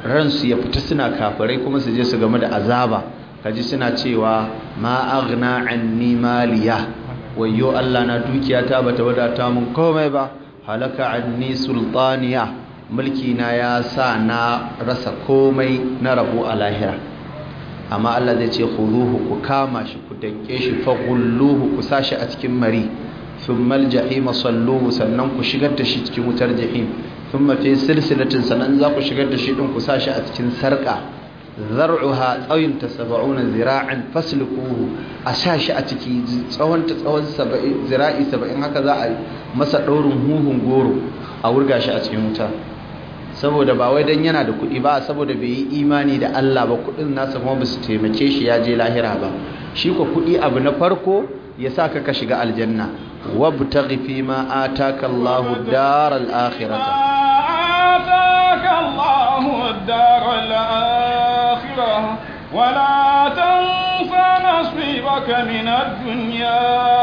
ransu ya fita suna kafirai kuma su je su game da azaba kaji suna cewa ma aghna anni maliya wayyo Allah na dukiyata bata wadata mun komai ba halaka anni sultaniya mulki na ya sa na rasa komai na rabu a lahira amma Allah zai ce khuduhu ku kama shi ku danke shi fa gulluhu ku sashi a cikin mari thumma aljahima salluhu sannan ku shigar da shi cikin wutar jahim thumma fi silsilatin sannan za ku shigar da shi din ku sashi a cikin sarka zar'uha tsawon ta saba'una zira'in faslukuhu a sha shi a ciki tsawon ta tsawon zira'i saba'in haka za a masa ɗaurin huhun goro a wurga shi a cikin wuta saboda ba wai don yana da kuɗi ba saboda bai yi imani da Allah ba kuɗin nasa kuma ba su taimake shi ya je lahira ba shi ko kuɗi abu na farko ya sa ka shiga aljanna wabtaghi fi ma ataka Allahu daral akhirata ataka ولا تنس نصيبك من الدنيا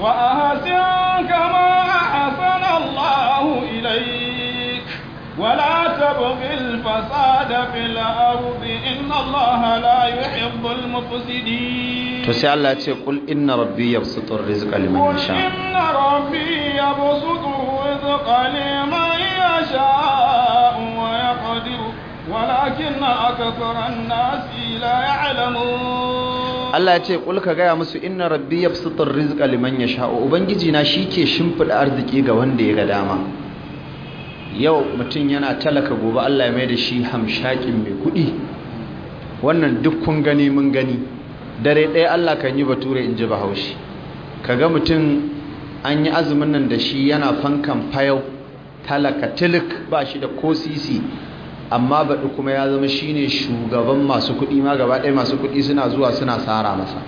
وأحسن كما أحسن الله إليك ولا تبغ الفساد في الأرض إن الله لا يحب المفسدين فسي الله تقول إن ربي يبسط الرزق لمن يشاء قل إن ربي يبسط الرزق لمن يشاء ويقدر walakin akthar an-nas la ya'lamun Allah ya ce kul ka gaya musu inna rabbi yabsutur rizqa liman yasha'u ubangiji na shi ke shimfiɗa arziki ga wanda ya ga dama yau mutum yana talaka gobe Allah ya mai da shi hamshakin mai kuɗi. wannan duk kun gani mun gani dare ɗaya Allah kan yi bature in ji bahaushe ga mutum an yi azumin nan da shi yana fankan fayau talaka tilik ba shi da ko sisi amma baɗi kuma ya zama shi ne shugaban masu kuɗi ma gaba ɗaya masu kuɗi suna zuwa suna tsara masa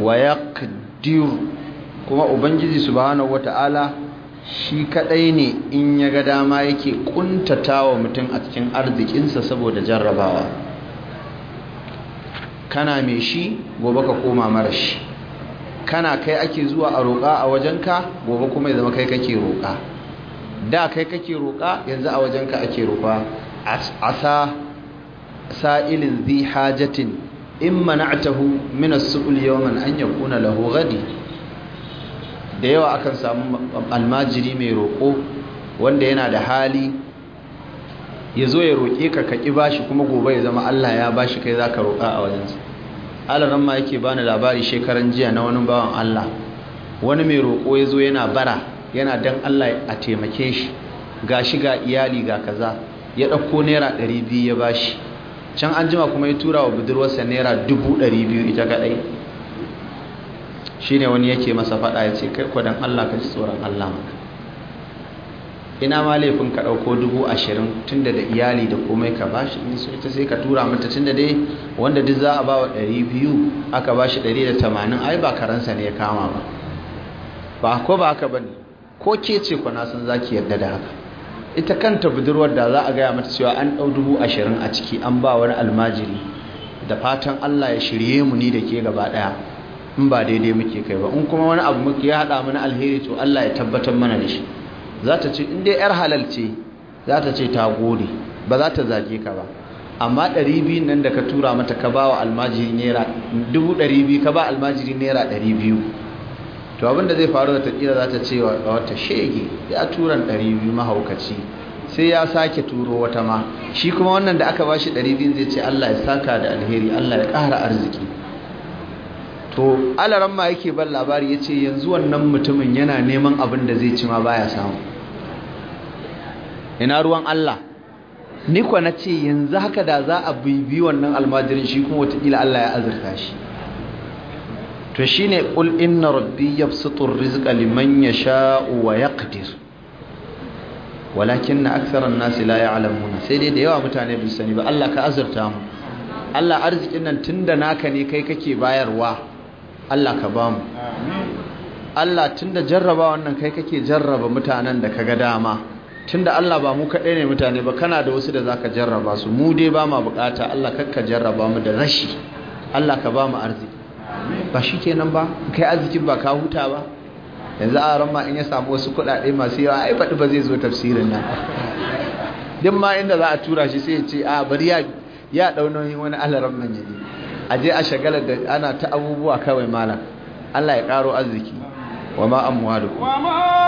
wa ya kuma ubangiji wata wata'ala shi kaɗai ne in ya ga dama yake ƙuntatawa mutum a cikin arzikinsa saboda jarrabawa kana mai shi gobe ka koma mara shi kana kai ake zuwa a roƙa a wajenka gobe kuma ya zama kai kake roƙa da kai kake roƙa yanzu a wajenka ake roƙa asa sa'ilin zi hajatin in mana'tahu min as-su'l yawman an yakuna lahu ghadi da yawa akan samu almajiri mai roƙo wanda yana da hali ya zo ya roƙe ka ka bashi kuma gobe ya zama Allah ya bashi kai zaka roƙa a wajensa alaran ma yake bani labari shekaran jiya na wani bawan Allah wani mai roƙo ya zo yana bara yana dan Allah a taimake shi ga shi ga iyali ga kaza ya ɗauko naira 200 ya bashi can an jima kuma ya tura wa budurwarsa naira 200,000 ita kaɗai shi ne wani yake masa faɗa ya ce kai kwadon Allah ka ci tsoron Allah maka ina ma laifin ka ɗauko 20,000 tun da iyali da komai ka bashi in so ita sai ka tura mata tun da dai wanda duk za a ba wa 200 aka bashi 180 ai ba karansa ne ya kama ba ba ko ba haka ne ko ke ce kwana sun za ki yarda da haka ita kanta budurwar da za a gaya mata cewa an ɗau dubu ashirin a ciki an ba wani almajiri da fatan allah ya shirye mu ni da ke gaba ɗaya in ba daidai muke kai ba in kuma wani abu muke ya haɗa mana alheri to allah ya tabbatar mana da shi za ta ce in dai yar halal ce za ta ce ta gode ba za ta zage ka ba amma biyu nan da ka tura mata ka ba wa almajiri naira dubu biyu, ka ba almajiri naira ɗari biyu. to abinda zai faru da takila za ta ce wata shege ya turan 200 mahaukaci sai ya sake turo wata ma shi kuma wannan da aka ba shi 200 zai ce Allah ya saka da alheri Allah ya ƙara arziki to alaran ma yake ban labari ya ce yanzu wannan mutumin yana neman abin da zai ci ma baya samu ina ruwan Allah ni kwa na ce yanzu haka da za a bibi wannan almajirin shi kuma watakila Allah ya azurta shi to shine qul inna rabbi yabsutu rizqa liman yasha'u wa yaqdir walakin aktharan nasi la ya'lamun sai dai da yawa mutane bin sani ba Allah ka azurta mu Allah arzikin nan tunda naka ne kai kake bayarwa Allah ka ba mu Allah tunda jarraba wannan kai kake jarraba mutanen da kaga dama tunda Allah ba mu kaɗai ne mutane ba kana da wasu da zaka jarraba su mu dai ba ma bukata Allah kakka jarraba mu da rashi Allah ka ba mu arziki ba shi kenan ba kai arzikin ba ka huta ba yanzu a ma in ya samu wasu kuɗaɗe masu yawa ai faɗi ba zai zo tafsirin nan duk ma inda za a tura shi sai ya ce a bari ya ya wani alaran manya ne a je a shagala da ana ta abubuwa kawai malam Allah ya karo arziki wa ma wa ma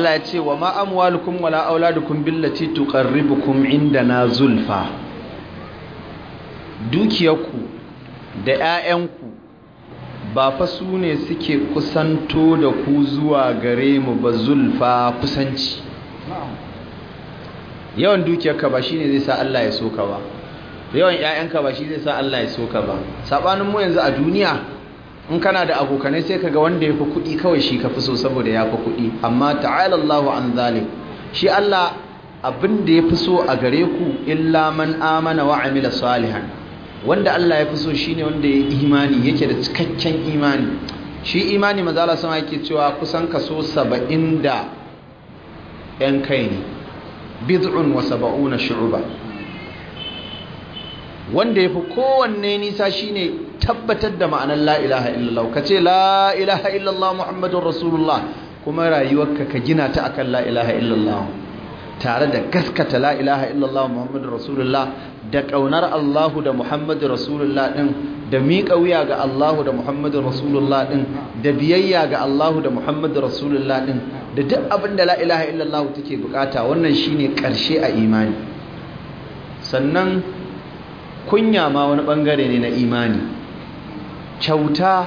Allah ya ce wa ma amwalukum wala auladukum billati tuqarribukum indana zulfa dukiyarku da 'ya'yanku ba fa sune suke kusanto da ku zuwa gare mu ba zulfa kusanci yawan dukiyarka ba shine zai sa Allah ya soka ba yawan 'ya'yanka ba shi zai sa Allah ya soka ba sabanin mu yanzu a duniya in kana da abokanai sai kaga wanda ya fi kuɗi kawai shi ka fi so saboda ya fi kuɗi amma ta'ala Allahu an zalim shi Allah abin da ya fi so a gare ku illa man amana wa amila salihan wanda Allah ya fi so shine wanda ya imani yake da cikakken imani shi imani maza Allah sama yake cewa kusan kaso saba'in da yan kai ne bid'un wa saba'una shu'uba wanda yafi kowanne nisa shine tabbatar da ma'anar la ilaha illallah kace la ilaha illallah muhammadur rasulullah kuma rayuwarka ka gina ta akan la ilaha illallah tare da gaskata la ilaha illallah muhammadur rasulullah da kaunar Allahu da muhammadur rasulullah din da miƙa wuya ga Allahu da muhammadur rasulullah din da biyayya ga Allahu da muhammadur rasulullah din da duk abin da la ilaha illallah take bukata wannan shine karshe a imani sannan kunya ma wani bangare ne na imani kyauta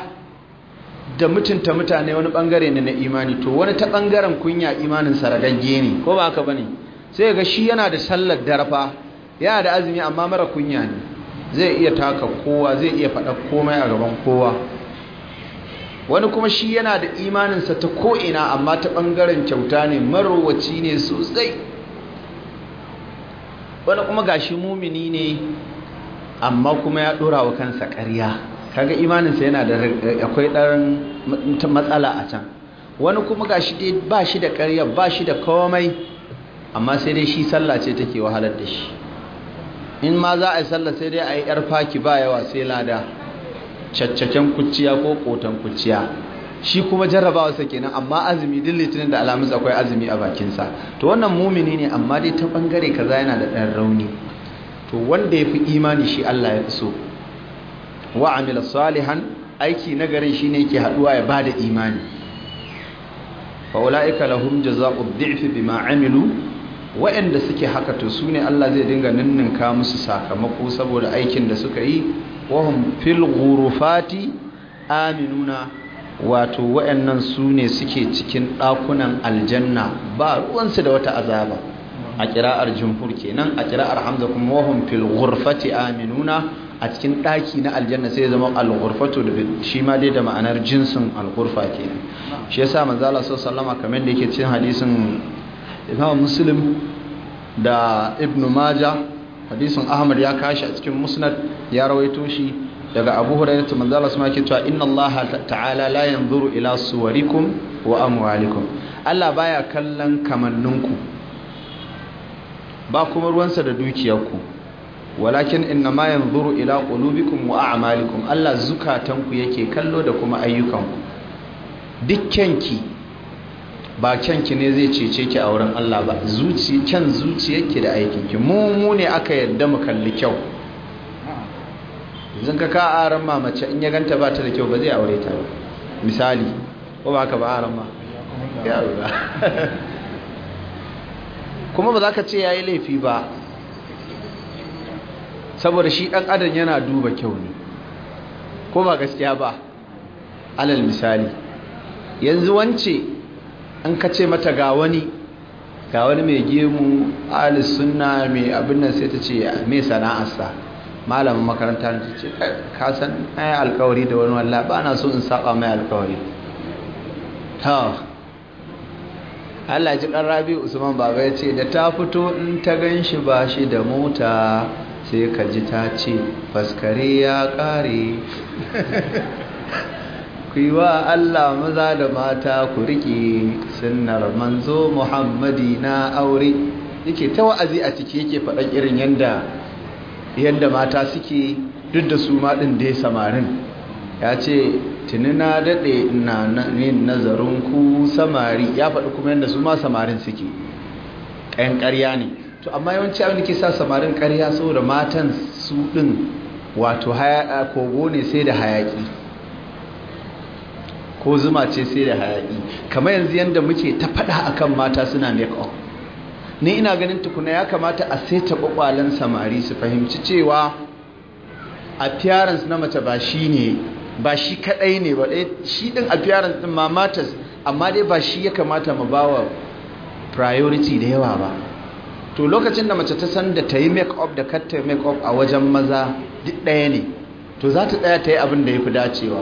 da mutunta mutane wani bangare ne na imani to wani ta bangaren kunya imanin saragagge ne ko ba haka bane sai ga shi yana da sallar darafa, yana da azumi amma mara kunya ne zai iya taka kowa zai iya faɗa komai a gaban kowa wani kuma shi yana da imaninsa ta ko'ina amma ta ɓangaren kyauta ne marowaci ne sosai wani kuma gashi mumini ne amma kuma ya dora wa kansa ƙarya kaga imaninsa yana da eh, akwai ɗan matsala a can wani kuma ga shi ba shi da ƙarya ba shi da komai amma sai dai shi sallah ce take wahalar da shi in ma za a yi sallah sai dai a yi yar faki ba yawa sai lada caccaken kuciya ko kotan kuciya shi kuma jarrabawarsa kenan amma azumi duk litinin da alhamis akwai azumi a bakinsa to wannan mumini ne amma dai ta bangare kaza yana da ɗan rauni to wanda ya fi imani shi Allah ya so wa amila salihan aiki nagarin shi ne yake haɗuwa ya ba da imani fa ulaika lahum jazaa'ud dhi'fi bima amilu wa'anda suke haka to sune Allah zai dinga ninninka musu sakamako saboda aikin da suka yi wa hum fil aminuna wato wa'annan sune suke cikin ɗakunan aljanna ba ruwansu da wata azaba a kira'ar jumhur kenan a kira'ar hamza kuma wahum fil ghurfati aminuna a cikin daki na aljanna sai zama al-ghurfatu shi ma dai da ma'anar jinsin al-ghurfa kenan shi yasa manzo Allah sallallahu kamar da yake cikin hadisin Imam Muslim da Ibn Majah hadisin Ahmad ya kashi a cikin Musnad ya rawaito shi daga Abu Hurairah to manzo Allah sallallahu alaihi wasallam inna Allah ta'ala la yanzuru ila suwarikum wa amwalikum Allah baya kallon kamanninku ba kuma ruwansa da dukiyarku walakin inna ma yanzuru ila qulubikum wa a'malikum Allah zukatanku yake kallo da kuma ayyukanku dukkanki ba kanki ne zai cece ki a wurin Allah ba zuci kyan zuciyarki da aikinki mu mu ne aka yadda mu kalli kyau yanzu ka ka aran ma mace in ya ganta ba ta da kyau ba zai aure ta ba misali ko ba ka ba aran ma ya aure kuma ba za ka ce ya yi laifi ba saboda shi ɗan adam yana duba kyau ne ko ba gaskiya ba alal misali yanzu wance an ka ce mata ga wani ga wani mai gemu alis suna mai abin nan sai ta ce mai sana'arsa malamin makaranta ta ce ka san alkawari da wani wallah ba na so in saba mai alkawari ta Allah ji ɗan rabi usman baba ya ce da ta fito in ta gan shi ba shi da mota sai ka ji ta ce faskare ya ƙare ku yi wa Allah maza da mata ku riƙe sunnar manzo muhammadi na aure yake ta wa'azi a ciki yake faɗan irin yadda yadda mata suke duk da su maɗin da ya samarin ya ce tuni na daɗe ina yin nazarin ku samari ya faɗi kuma yadda su ma samarin suke ƙayan ƙarya ne to amma yawanci abin da ke sa samarin ƙarya saboda matan su ɗin wato kogo ne sai da hayaƙi ko zuma ce sai da hayaƙi kamar yanzu yadda muke ta faɗa akan mata suna make ni ina ganin tukuna ya kamata a saita ƙwaƙwalen samari su fahimci cewa appearance na mace ba shi ne ba shi kadai ne ba eh, shi din appearance din ma matters amma dai ba shi ya kamata mu bawa priority da yawa ba to lokacin da mace ta san da ta yi make up da kar ta make up a wajen maza duk ɗaya ne to za ta tsaya ta yi abin da ya fi dacewa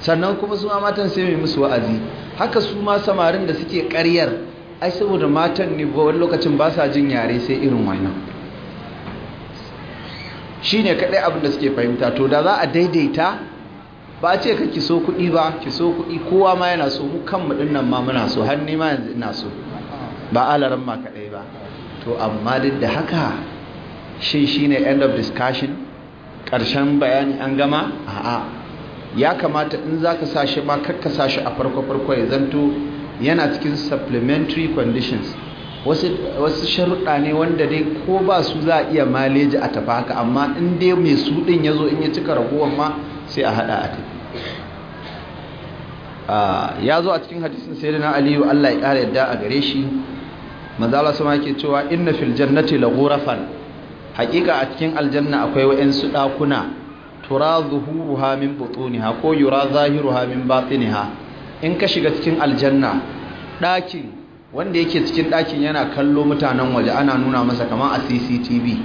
sannan kuma su ma matan sai mai musu wa'azi haka su ma samarin da suke karyar ai saboda matan ne ba wani lokacin ba sa jin yare sai irin wannan shi ne kaɗai abin da suke fahimta to da za a daidaita ba ce ka ki so kuɗi ba ki so kuɗi kowa ma yana so mu kanmu ɗin nan ma muna so har ma yanzu ina so ba alaran ma kaɗai ba to amma duk da haka shin shine end of discussion ƙarshen bayani an gama a'a ya kamata in za ka sashi ma kakka shi a farko-farko ya zanto yana cikin supplementary conditions wasu sharuɗa ne wanda dai ko ba su za a iya maleji a tafa haka amma in dai mai su ɗin ya zo in ya cika ragowar ma sai a haɗa a tafi ya zo a cikin hadisun sai da na aliyu allah ya ƙara yadda a gare shi mazala sama ke cewa inna fil jannati la ghurafan haƙiƙa a cikin aljanna akwai wa'ansu ɗakuna tura zuhuruha min butuniha ko yura zahiruha min batiniha in ka shiga cikin aljanna ɗakin wanda yake cikin ɗakin yana kallo mutanen waje ana nuna masa kama a cctv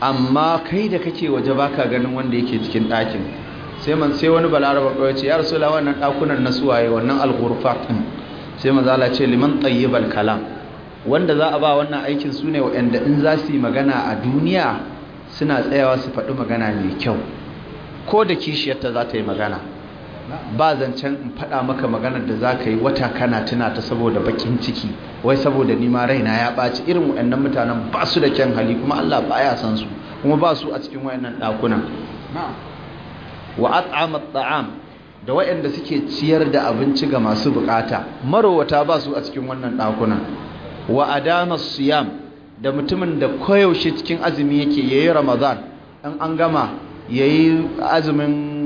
amma kai da kake waje baka ganin wanda yake cikin ɗakin sai man sai wani balaraba kawai ce ya rasula wannan ɗakunan na suwaye wannan alghurfat din sai zala ce liman tayyibal kalam wanda za a ba wannan aikin su ne waɗanda in za su yi magana a duniya suna tsayawa su faɗi magana mai kyau ko da kishiyarta za ta yi magana ba zancen in faɗa maka maganar da za ka yi wata kana tuna ta saboda bakin ciki wai saboda nima raina ya ɓaci irin waɗannan mutanen ba su da kyan hali kuma Allah ba ya san su kuma ba su a cikin waɗannan ɗakunan wa at'ama ta'am da waɗanda suke ciyar da abinci ga masu bukata marowata ba su a cikin wannan ɗakunan wa adama siyam da mutumin da koyaushe cikin azumi yake yayi ramadan in an gama yayi azumin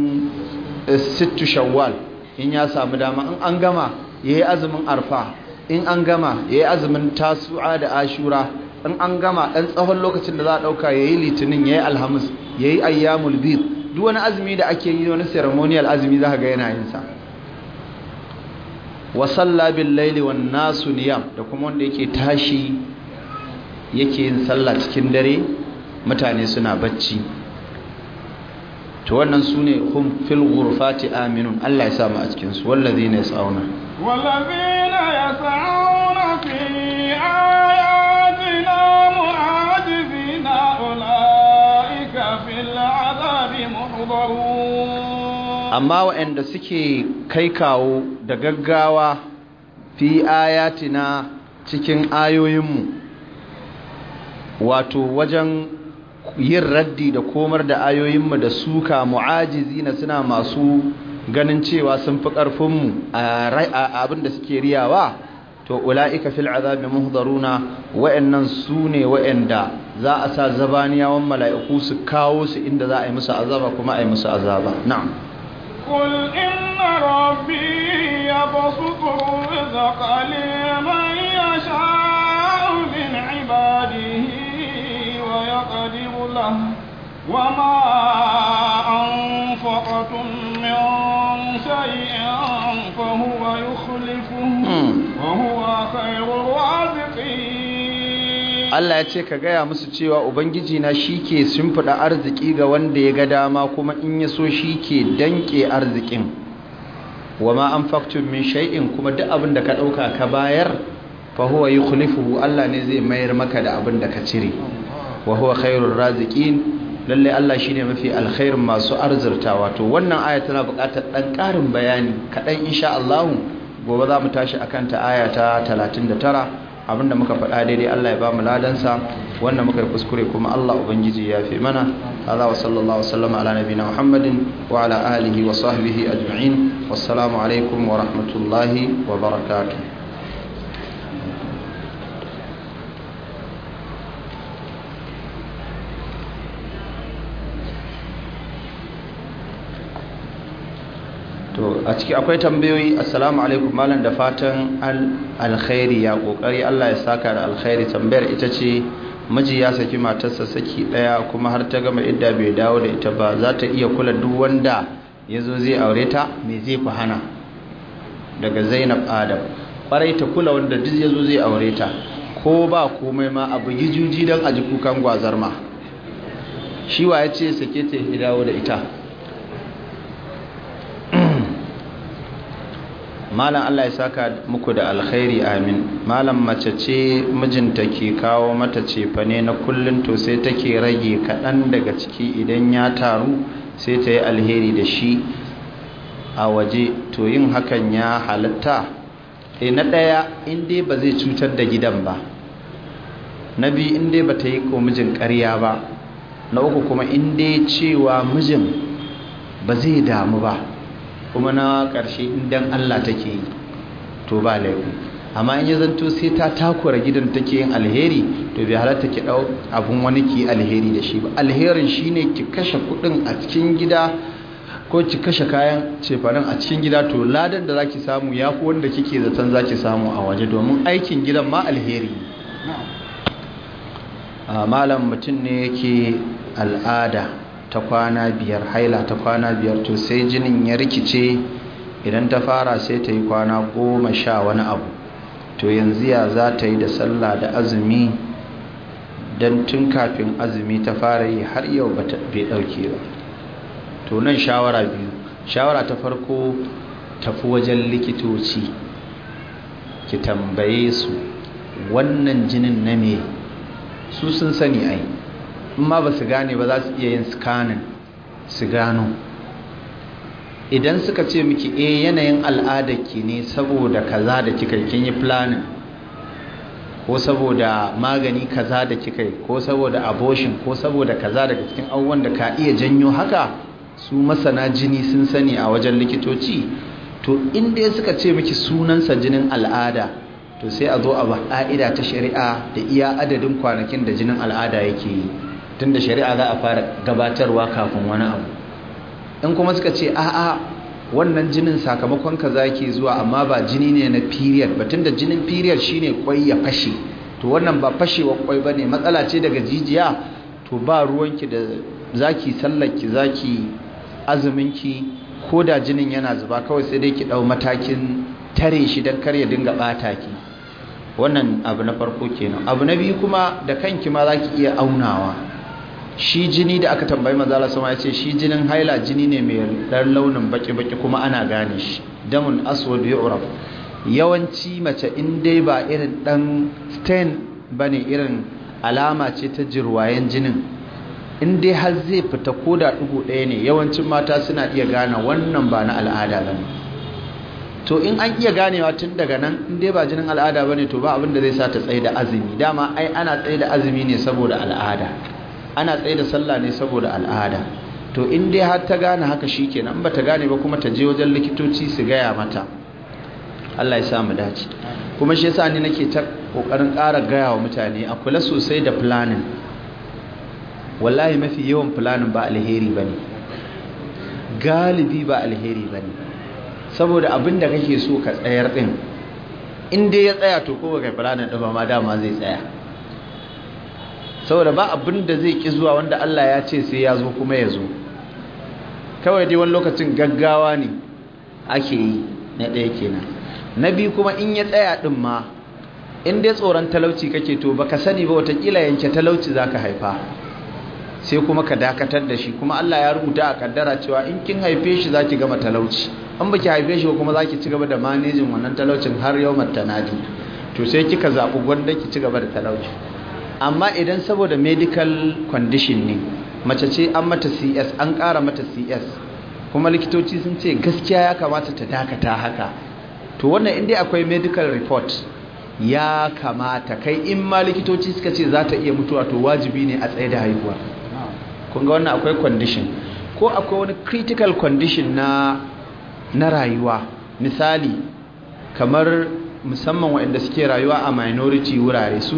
Eh, sittu shawwal in ya samu dama in an gama ya yi azumin arfa in an gama ya yi azumin tasu'a da ashura in an gama ɗan tsawon lokacin da za a ɗauka ya yi litinin ya yi alhamis ya yi ayyamul bid duk wani azumi da ake yi wani ceremonial azumi za ga yana yinsa wa salla bil laili wan nasu niyam da kuma wanda yake tashi yake yin sallah cikin dare mutane suna bacci to wannan su ne hum fil ghurfati aminun Allah ya samu a cikinsu. ne su wallazi ne ya yas'auna fi ayatina mu'ajizina ulaika fil azabi muhdarun amma waɗanda suke kai kawo da gaggawa fi ayatina cikin ayoyinmu wato wajen yin raddi da komar da ayoyinmu da suka mu'ajizi na suna masu ganin cewa sun fi ƙarfinmu a abin da suke riyawa to ula'ika fil azabi muhdaruna wa'annan su ne wa'anda za a sa zabaniyawan mala'iku su kawo su inda za a yi musu azaba kuma a yi musu azaba na'am قل إن ربي يبسط الرزق لمن يشاء من عباده ويقدر له وما أنفقتم من شيء فهو hmm. وهو خير الرازقين ya ce ka gaya musu cewa ubangiji na shike shimfida arziki ga wanda ya ga dama kuma in ya so shi ke danƙe arzikin wama fakta min shay'in kuma duk abin da ka ɗauka ka bayar fa huwa yukhlifuhu Allah ne zai mayar maka da abin da ka cire wa huwa khairur raziqin lalle Allah shine mafi alkhairin masu arzurtawa wato wannan aya tana buƙatar dan ƙarin bayani kadan insha Allah gobe za mu tashi akan ta aya ta 39 abinda muka faɗa daidai Allah ya ba mu ladansa wannan muka yi kuskure kuma Allah ubangiji ya fi mana hada wa sallallahu sallama ala nabina Muhammadin wa ala alihi wa sahbihi ajma'in wassalamu alaikum wa rahmatullahi wa barakatuh a ciki akwai tambayoyi assalamu alaikum malam da fatan alkhairi ya kokari Allah ya saka da alkhairi tambayar ita ce miji ya saki matarsa saki daya kuma har ta gama idda bai dawo da ita ba za ta iya kula duk wanda yazo zai aure ta me zai ku hana daga Zainab Adam kwarai ta kula wanda duk yazo zai aure ta ko ba komai ma abu gijuji dan aji kukan gwazar ma shi wa ya ce sake ta dawo da ita malam Allah ya saka muku da alkhairi amin malam mace ce mijinta ke kawo mata cefane na kullum to sai take rage kaɗan daga ciki idan ya taru sai ta yi alheri da shi a waje to yin hakan ya halatta e na ɗaya inda ba zai cutar da gidan ba na biyu inda ba ta yi ko mijin ƙarya ba na uku kuma inda cewa mijin ba zai damu ba kuma na ƙarshe idan Allah take yi to ba laifi amma in ya zanto sai ta takura gidan take yin alheri to bai halatta ki ɗau abun wani ki alheri da shi ba alherin shine ki kashe kudin a cikin gida ko ki kashe kayan cefanin a cikin gida to ladan da zaki samu ya fi wanda kike zaton zaki samu a waje domin aikin gidan ma alheri ah, malam mutum ne yake al'ada ta kwana biyar haila ta kwana biyar to sai jinin ya rikice idan ta fara sai ta yi kwana goma sha wani abu to yanzu ya za ta yi da sallah da azumi don tun kafin azumi ta fara yi har yau bai ɗauke ba to nan shawara biyu shawara ta farko tafi wajen likitoci ki tambaye su wannan jinin na me su sun sani ai amma ba su gane ba za su iya yin skanin su gano idan suka ce miki e yanayin ki ne saboda kaza da kika kin yi planin ko saboda magani kaza da kika ko saboda abortion ko saboda kaza daga cikin abubuwan da ka iya janyo haka su masana jini sun sani a wajen likitoci to inda suka ce miki sunansa jinin al'ada to sai a zo a ba'a'ida ƙa'ida ta shari'a da iya adadin kwanakin da jinin al'ada yake yi tunda shari'a za a fara gabatarwa kafin wani abu in kuma suka ce a'a wannan jinin sakamakon ka zaki zuwa amma ba jini ne na period ba tunda jinin period ne kwai ya fashe to wannan ba fashewa kwai ba ne matsala ce daga jijiya to ba ruwanki da zaki sallaki zaki azuminki ko da jinin yana zuba kawai sai dai ki ɗau matakin tare shi don kar ya dinga bata ki wannan abu na farko kenan abu na biyu kuma da kanki ma zaki iya aunawa shi jini da aka tambayi mazala sama ya ce shi jinin haila jini ne mai ɗan launin baki-baki kuma ana gane shi damun aswad yu'raf yawanci mace in dai ba irin ɗan stain bane irin alama ce ta jirwayen jinin in dai har zai fita ko da dugu ɗaya ne yawancin mata suna iya gane wannan ba na al'ada ba ne to in an iya ganewa tun daga nan in dai ba jinin al'ada ba ne to ba abin da zai sa ta tsaye da azumi dama ai ana tsaye da azumi ne saboda al'ada ana tsaye da sallah ne saboda al'ada to in dai har ta gane haka shikenan ba ta gane ba kuma ta je wajen likitoci su gaya mata Allah ya sa mu dace kuma shi yasa ni nake ta kokarin ƙara gaya wa mutane a kula sosai da planning wallahi mafi yawan planning ba alheri bane galibi ba alheri bane saboda abin da kake so ka tsayar din in dai ya tsaya to ko kai planning din ba ma dama zai tsaya saboda ba abin da zai ki zuwa wanda Allah ya ce sai ya zo kuma ya zo kawai dai wani lokacin gaggawa ne ake yi na ɗaya kenan na biyu kuma in ya tsaya ɗin ma in dai tsoron talauci kake to baka sani ba watakila yanke talauci za ka haifa sai kuma ka dakatar da shi kuma Allah ya rubuta a kaddara cewa in kin haife shi za ki gama talauci in ki haife shi kuma za ki ci gaba da manejin wannan talaucin har yau matanadi to sai kika zaɓi gwanda ki ci gaba da talauci amma idan saboda medical condition ne mace ce an mata cs an ƙara mata cs kuma likitoci sun ce gaskiya ya kamata ta dakata haka to wannan inda akwai medical report ya kamata kai in ma likitoci suka ce za ta iya mutuwa to wajibi ne a tsaye da haihuwa kun ga wannan akwai condition ko akwai wani critical condition na rayuwa misali kamar musamman waɗanda suke rayuwa a minority wurare su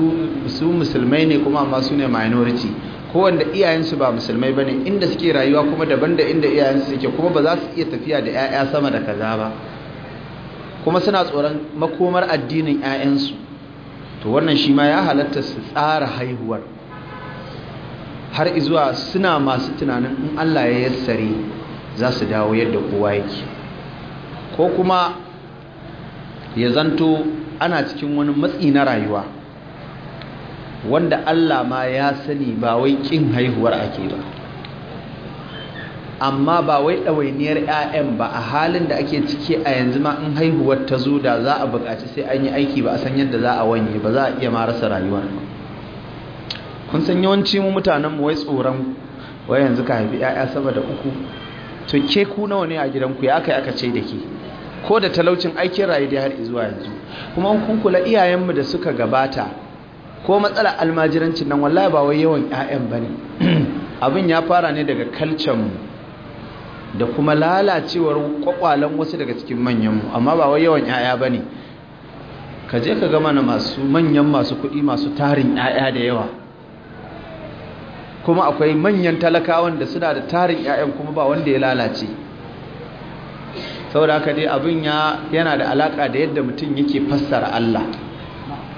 musulmai ne kuma amma su ne minority wanda iyayensu ba musulmai ba ne inda suke rayuwa kuma daban da inda iyayensu suke kuma ba za su iya tafiya da 'ya'ya sama da kaza ba kuma suna tsoron makomar addinin 'ya'yansu to wannan shi ma ya halatta su tsara haihuwar har izuwa suna masu tunanin in allah ya yassare za su dawo yadda kowa yake ko kuma ya zanto ana cikin wani matsi na rayuwa wanda Allah ma ya sani ba wai kin haihuwar ake ba amma ba wai ɗawainiyar 'ya'yan ba a halin da ake ciki a yanzu ma in haihuwar ta zo da za a buƙaci sai an yi aiki ba a san yadda za a wanye ba za a iya marasa rayuwa. kun san yawanci mu mutanenmu wai tsoron wai yanzu ka haifi 'ya'ya saboda uku to ke ku nawa ne a gidanku ya aka aka ce da ke ko da talaucin aikin rayu da har zuwa yanzu kuma kun kula iyayenmu da suka gabata ko matsala almajirancin nan wallahi ba wai yawan ƴaƴan bane abin ya fara ne daga kalcen da kuma lalacewar kwakwalan wasu daga cikin manyanmu. amma ba wai yawan ƴaƴa bane ka je ka gama na masu manyan masu kuɗi masu tarin 'ya'ya da yawa kuma akwai manyan talakawan da suna da tarin 'ya'yan kuma ba wanda ya lalace saboda haka dai abin yana da alaka da yadda mutum yake fassara Allah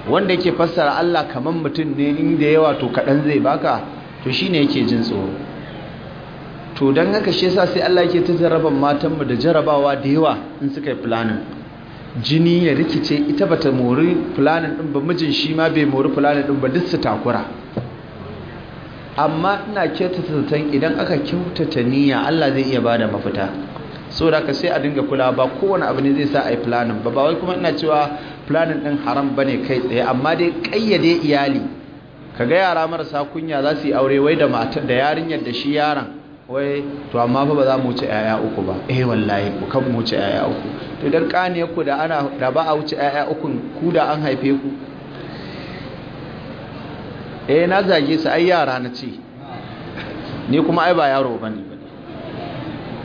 wanda yake fassara Allah kamar mutum ne inda yawa to kaɗan zai baka to shi ne yake jin tsoro to don haka shi yasa sai Allah yake ta jaraban matanmu da jarabawa da yawa in suka yi planning jini ya rikice ita bata mori planning ɗin ba mijin shi ma bai mori planning ɗin ba duk su takura amma ina kyautata zaton idan aka kyautata niyya Allah zai iya bada mafita so da ka sai a dinga kula ba kowane abu ne zai sa a yi planin ba ba wai kuma ina cewa planin ɗin haram ba ne kai tsaye amma dai ƙayyade iyali ka ga yara marasa kunya za su yi aure wai da matar da yarinyar da shi yaran wai to amma fa ba za mu wuce 'ya'ya uku ba eh wallahi ku kan mu wuce 'ya'ya uku to dan kane ku da ana da ba a wuce 'ya'ya uku ku da an haife ku eh na zage su ai yara na ce ni kuma ai ba yaro bane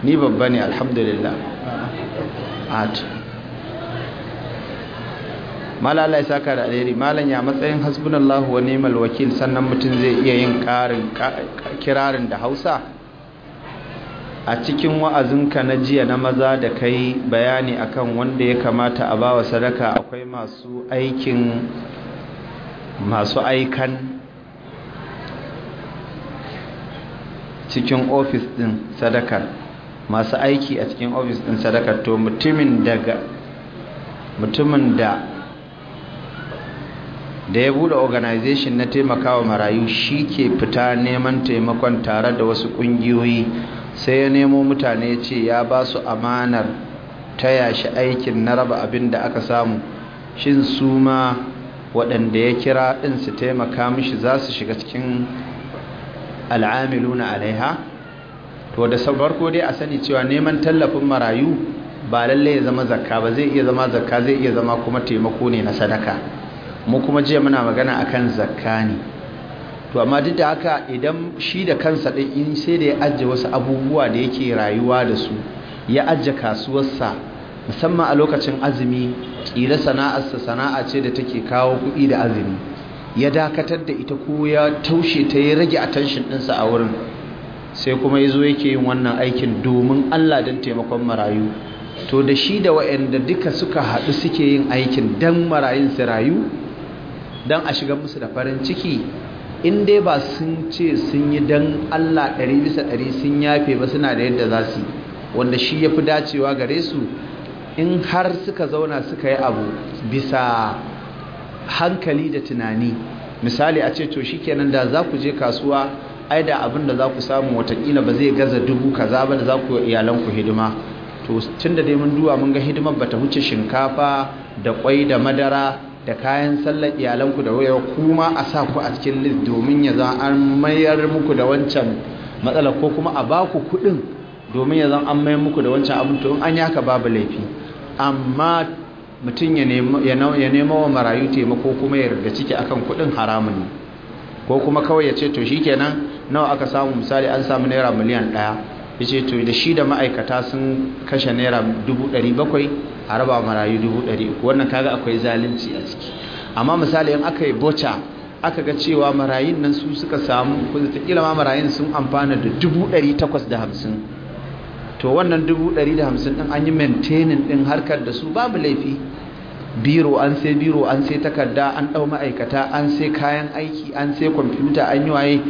ni babba ne alhamdulillah at malala ya saka da alheri malan ya matsayin hasbunallahu wa ni'mal wakil sannan mutum zai iya yin karin kirarin da Hausa a cikin wa'azin ka na jiya na maza da kai bayani akan wanda ya kamata a bawa sadaka akwai masu aikin masu aikan cikin ofis din sadakar masu aiki a cikin ofis ɗin sadakar to mutumin daga mutumin da da ya bude organization na taimakawa marayu shi ke fita neman taimakon tare da wasu ƙungiyoyi, sai ya nemo mutane ya ce ya ba su amanar ta shi aikin na raba abin da aka samu shin su ma waɗanda ya kira ɗin su taimaka mishi za su shiga cikin al'amiluna alaiha to da sabarko dai a sani cewa neman tallafin marayu ba lallai ya zama zakka ba zai iya zama zakka zai iya zama kuma taimako ne na sadaka mu kuma jiya muna magana akan zakka ne to amma duk da haka idan shi da kansa din in sai da ya ajje wasu abubuwa da yake rayuwa da su ya ajje kasuwarsa musamman a lokacin azumi kila sana'arsa sana'a ce da take kawo kuɗi da azumi ya dakatar da ita ko ya taushe ta ya rage attention ɗinsa a wurin sai kuma yazo yake yin wannan aikin domin Allah don taimakon marayu to da shi da waɗanda duka suka haɗu suke yin aikin don marayun su rayu don a shiga musu da farin ciki in dai ba sun ce sun yi don Allah ɗari bisa ɗari sun yafe ba suna da yadda za su wanda shi ya fi dacewa gare su in har suka zauna suka yi abu bisa hankali da tunani misali a ce to kenan da za ku je kasuwa ai da abin da za ku samu watakila ba zai gaza dubu kaza ba da za ku iyalanku hidima to tun da dai mun duwa mun ga hidimar ba ta huce shinkafa da kwai da madara da kayan sallar iyalanku da wayar kuma a sa ku a cikin list domin ya zan an mayar muku da wancan matsala ko kuma a ba ku kuɗin domin ya zan an mayar muku da wancan abin to an yaka babu laifi amma mutum ya nema wa marayu taimako kuma ya riga ciki akan kuɗin haramun ko kuma kawai ya ce to shikenan nawa aka samu misali an samu naira miliyan ɗaya ya ce to da shi da ma'aikata sun kashe naira dubu ɗari bakwai a raba marayu dubu ɗari uku wannan kaga akwai zalunci a ciki amma misali in aka yi boca aka ga cewa marayun nan su suka samu kuma ta ma marayun sun amfana da dubu ɗari takwas da hamsin to wannan dubu ɗari da hamsin ɗin an yi maintainin ɗin harkar da su babu laifi biro an sai biro an sai takarda an ɗau ma'aikata an sai kayan aiki an sai kwamfuta an yi waye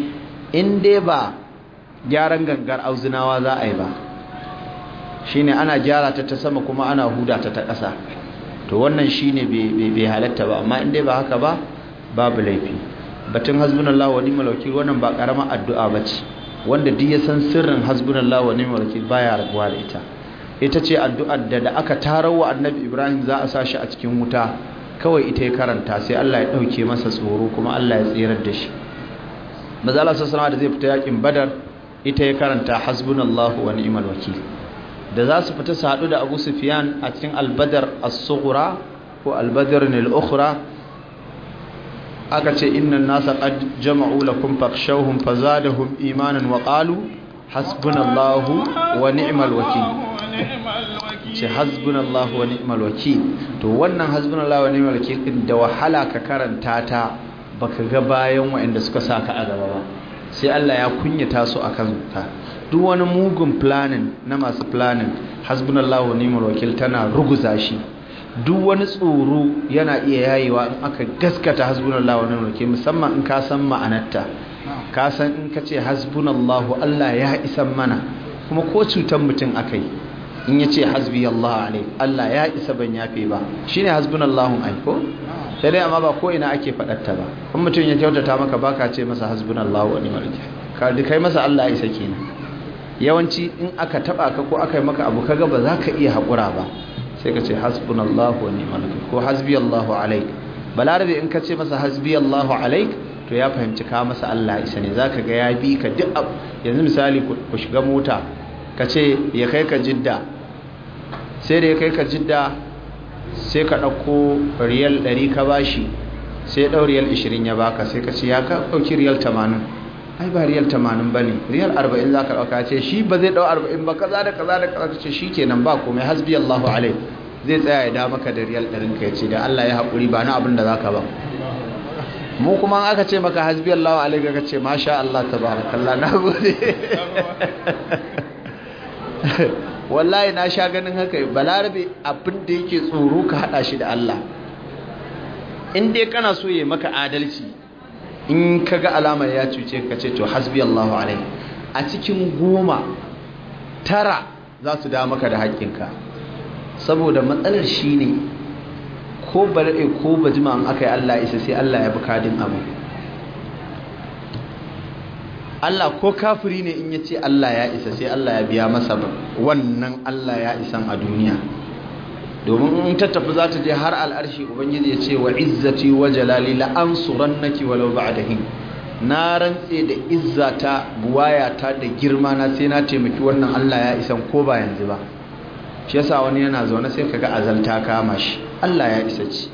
in dai ba gyaran gangar auzinawa za a yi ba shine ana gyara ta ta sama kuma ana huda ta ta ƙasa to wannan shine bai halatta ba amma in dai ba haka ba babu laifi batun hasbunallahu wani ni'mal wannan ba ƙarama addu'a ba ce, wanda diya san sirrin hasbunallahu wani malauki ba baya rabuwa da ita ita ce addu'ar da da aka tarawa annabi Ibrahim za a sashi a cikin wuta kawai ita ya karanta sai Allah ya ɗauke masa tsoro kuma Allah ya tsirar da shi mazala sassanawa da zai fita yakin badar ita ya karanta hasbunallahu wa ni'mal wakil da za su fita su hadu da abu sufyan a cikin albadar as-sughra ko albadar al-ukhra aka ce innan nasa qad jama'u lakum fakhshawhum fazadahum imanan wa qalu hasbunallahu wa ni'mal wakil ce hasbunallahu wa ni'mal wakil to wannan hasbunallahu wa ni'mal wakil din da wahala ka karanta ta baka ga bayan waɗanda suka sa ka a gaba ba sai Allah ya kunyata su kan ka duk wani mugun planning na masu planning hasbunallahu wa ni'mal wakil tana ruguza shi duk wani tsoro yana iya yayewa in aka gaskata hasbunallahu wa ni'mal wakil musamman in ka san ma'anarta ka san in ka ce hasbunallahu Allah ya isan mana kuma ko cutar mutum akai in ya ce hasbi Allah alai Allah ya isa ban yafe ba shine hasbunallahu ai ko sai dai amma ba ko ina ake faɗatta ba in mutum ya kyautata maka ba ka ce masa hasbunallahu wa ni'mal wakil ka kai masa Allah isa kenan yawanci in aka taba ka ko aka yi maka abu kaga ba za ka iya haƙura ba sai ka ce hasbunallahu wa ni'mal wakil ko hasbiyallahu alaik balarabe in ka ce masa hasbiyallahu alaik to ya fahimci ka masa Allah isa ne zaka ga ya bi ka duk abu yanzu misali ku shiga mota ka ce ya kai ka jidda sai da ya kai ka jidda sai ka ɗauko riyal 100 ka ba shi sai ɗau riyal 20 ya baka sai ka ce ya ka ɗauki riyal 80 ai ba riyal 80 ba ne riyal 40 za ka ɗauka ce shi ba zai ɗau 40 ba kaza da kaza da kaza ce shi kenan ba komai hasbi Allahu alai zai tsaya ya da maka da riyal 100 ka ce da Allah ya haƙuri ba na abin da za ka ba mu kuma an aka ce maka hasbi Allahu alai ka ce masha Allah tabarakallah na gode wallahi na sha ganin haka balarabe abin da yake tsoro ka hada shi da Allah in dai kana so ya maka adalci in ka ga alamar ya cuce ka ce to hasbi Allahu alai a cikin goma tara za su da maka da haƙƙinka saboda matsalar shi ne, ko bari ko bajima an aka yi Allah isa sai Allah ya bi kadin abu Allah ko kafiri ne in yace Allah ya isa sai Allah ya biya masa wannan Allah ya isan a duniya domin in ta tafi za ta je har al'arshi ubangiji ya ce wa izzati wa jalali la naki walau ba'dahin na rantse da izzata buwayata da girma na sai na taimaki wannan Allah ya isan ko ba yanzu ba shi yasa wani yana zaune sai kaga azalta kama shi Allah ya isa ci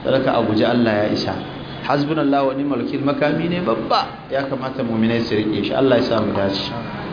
sadaka a guji Allah ya isa hasbunallahu wa ni'mal wakil makami ne babba ya kamata mu'minai su rike shi Allah ya sa mu dace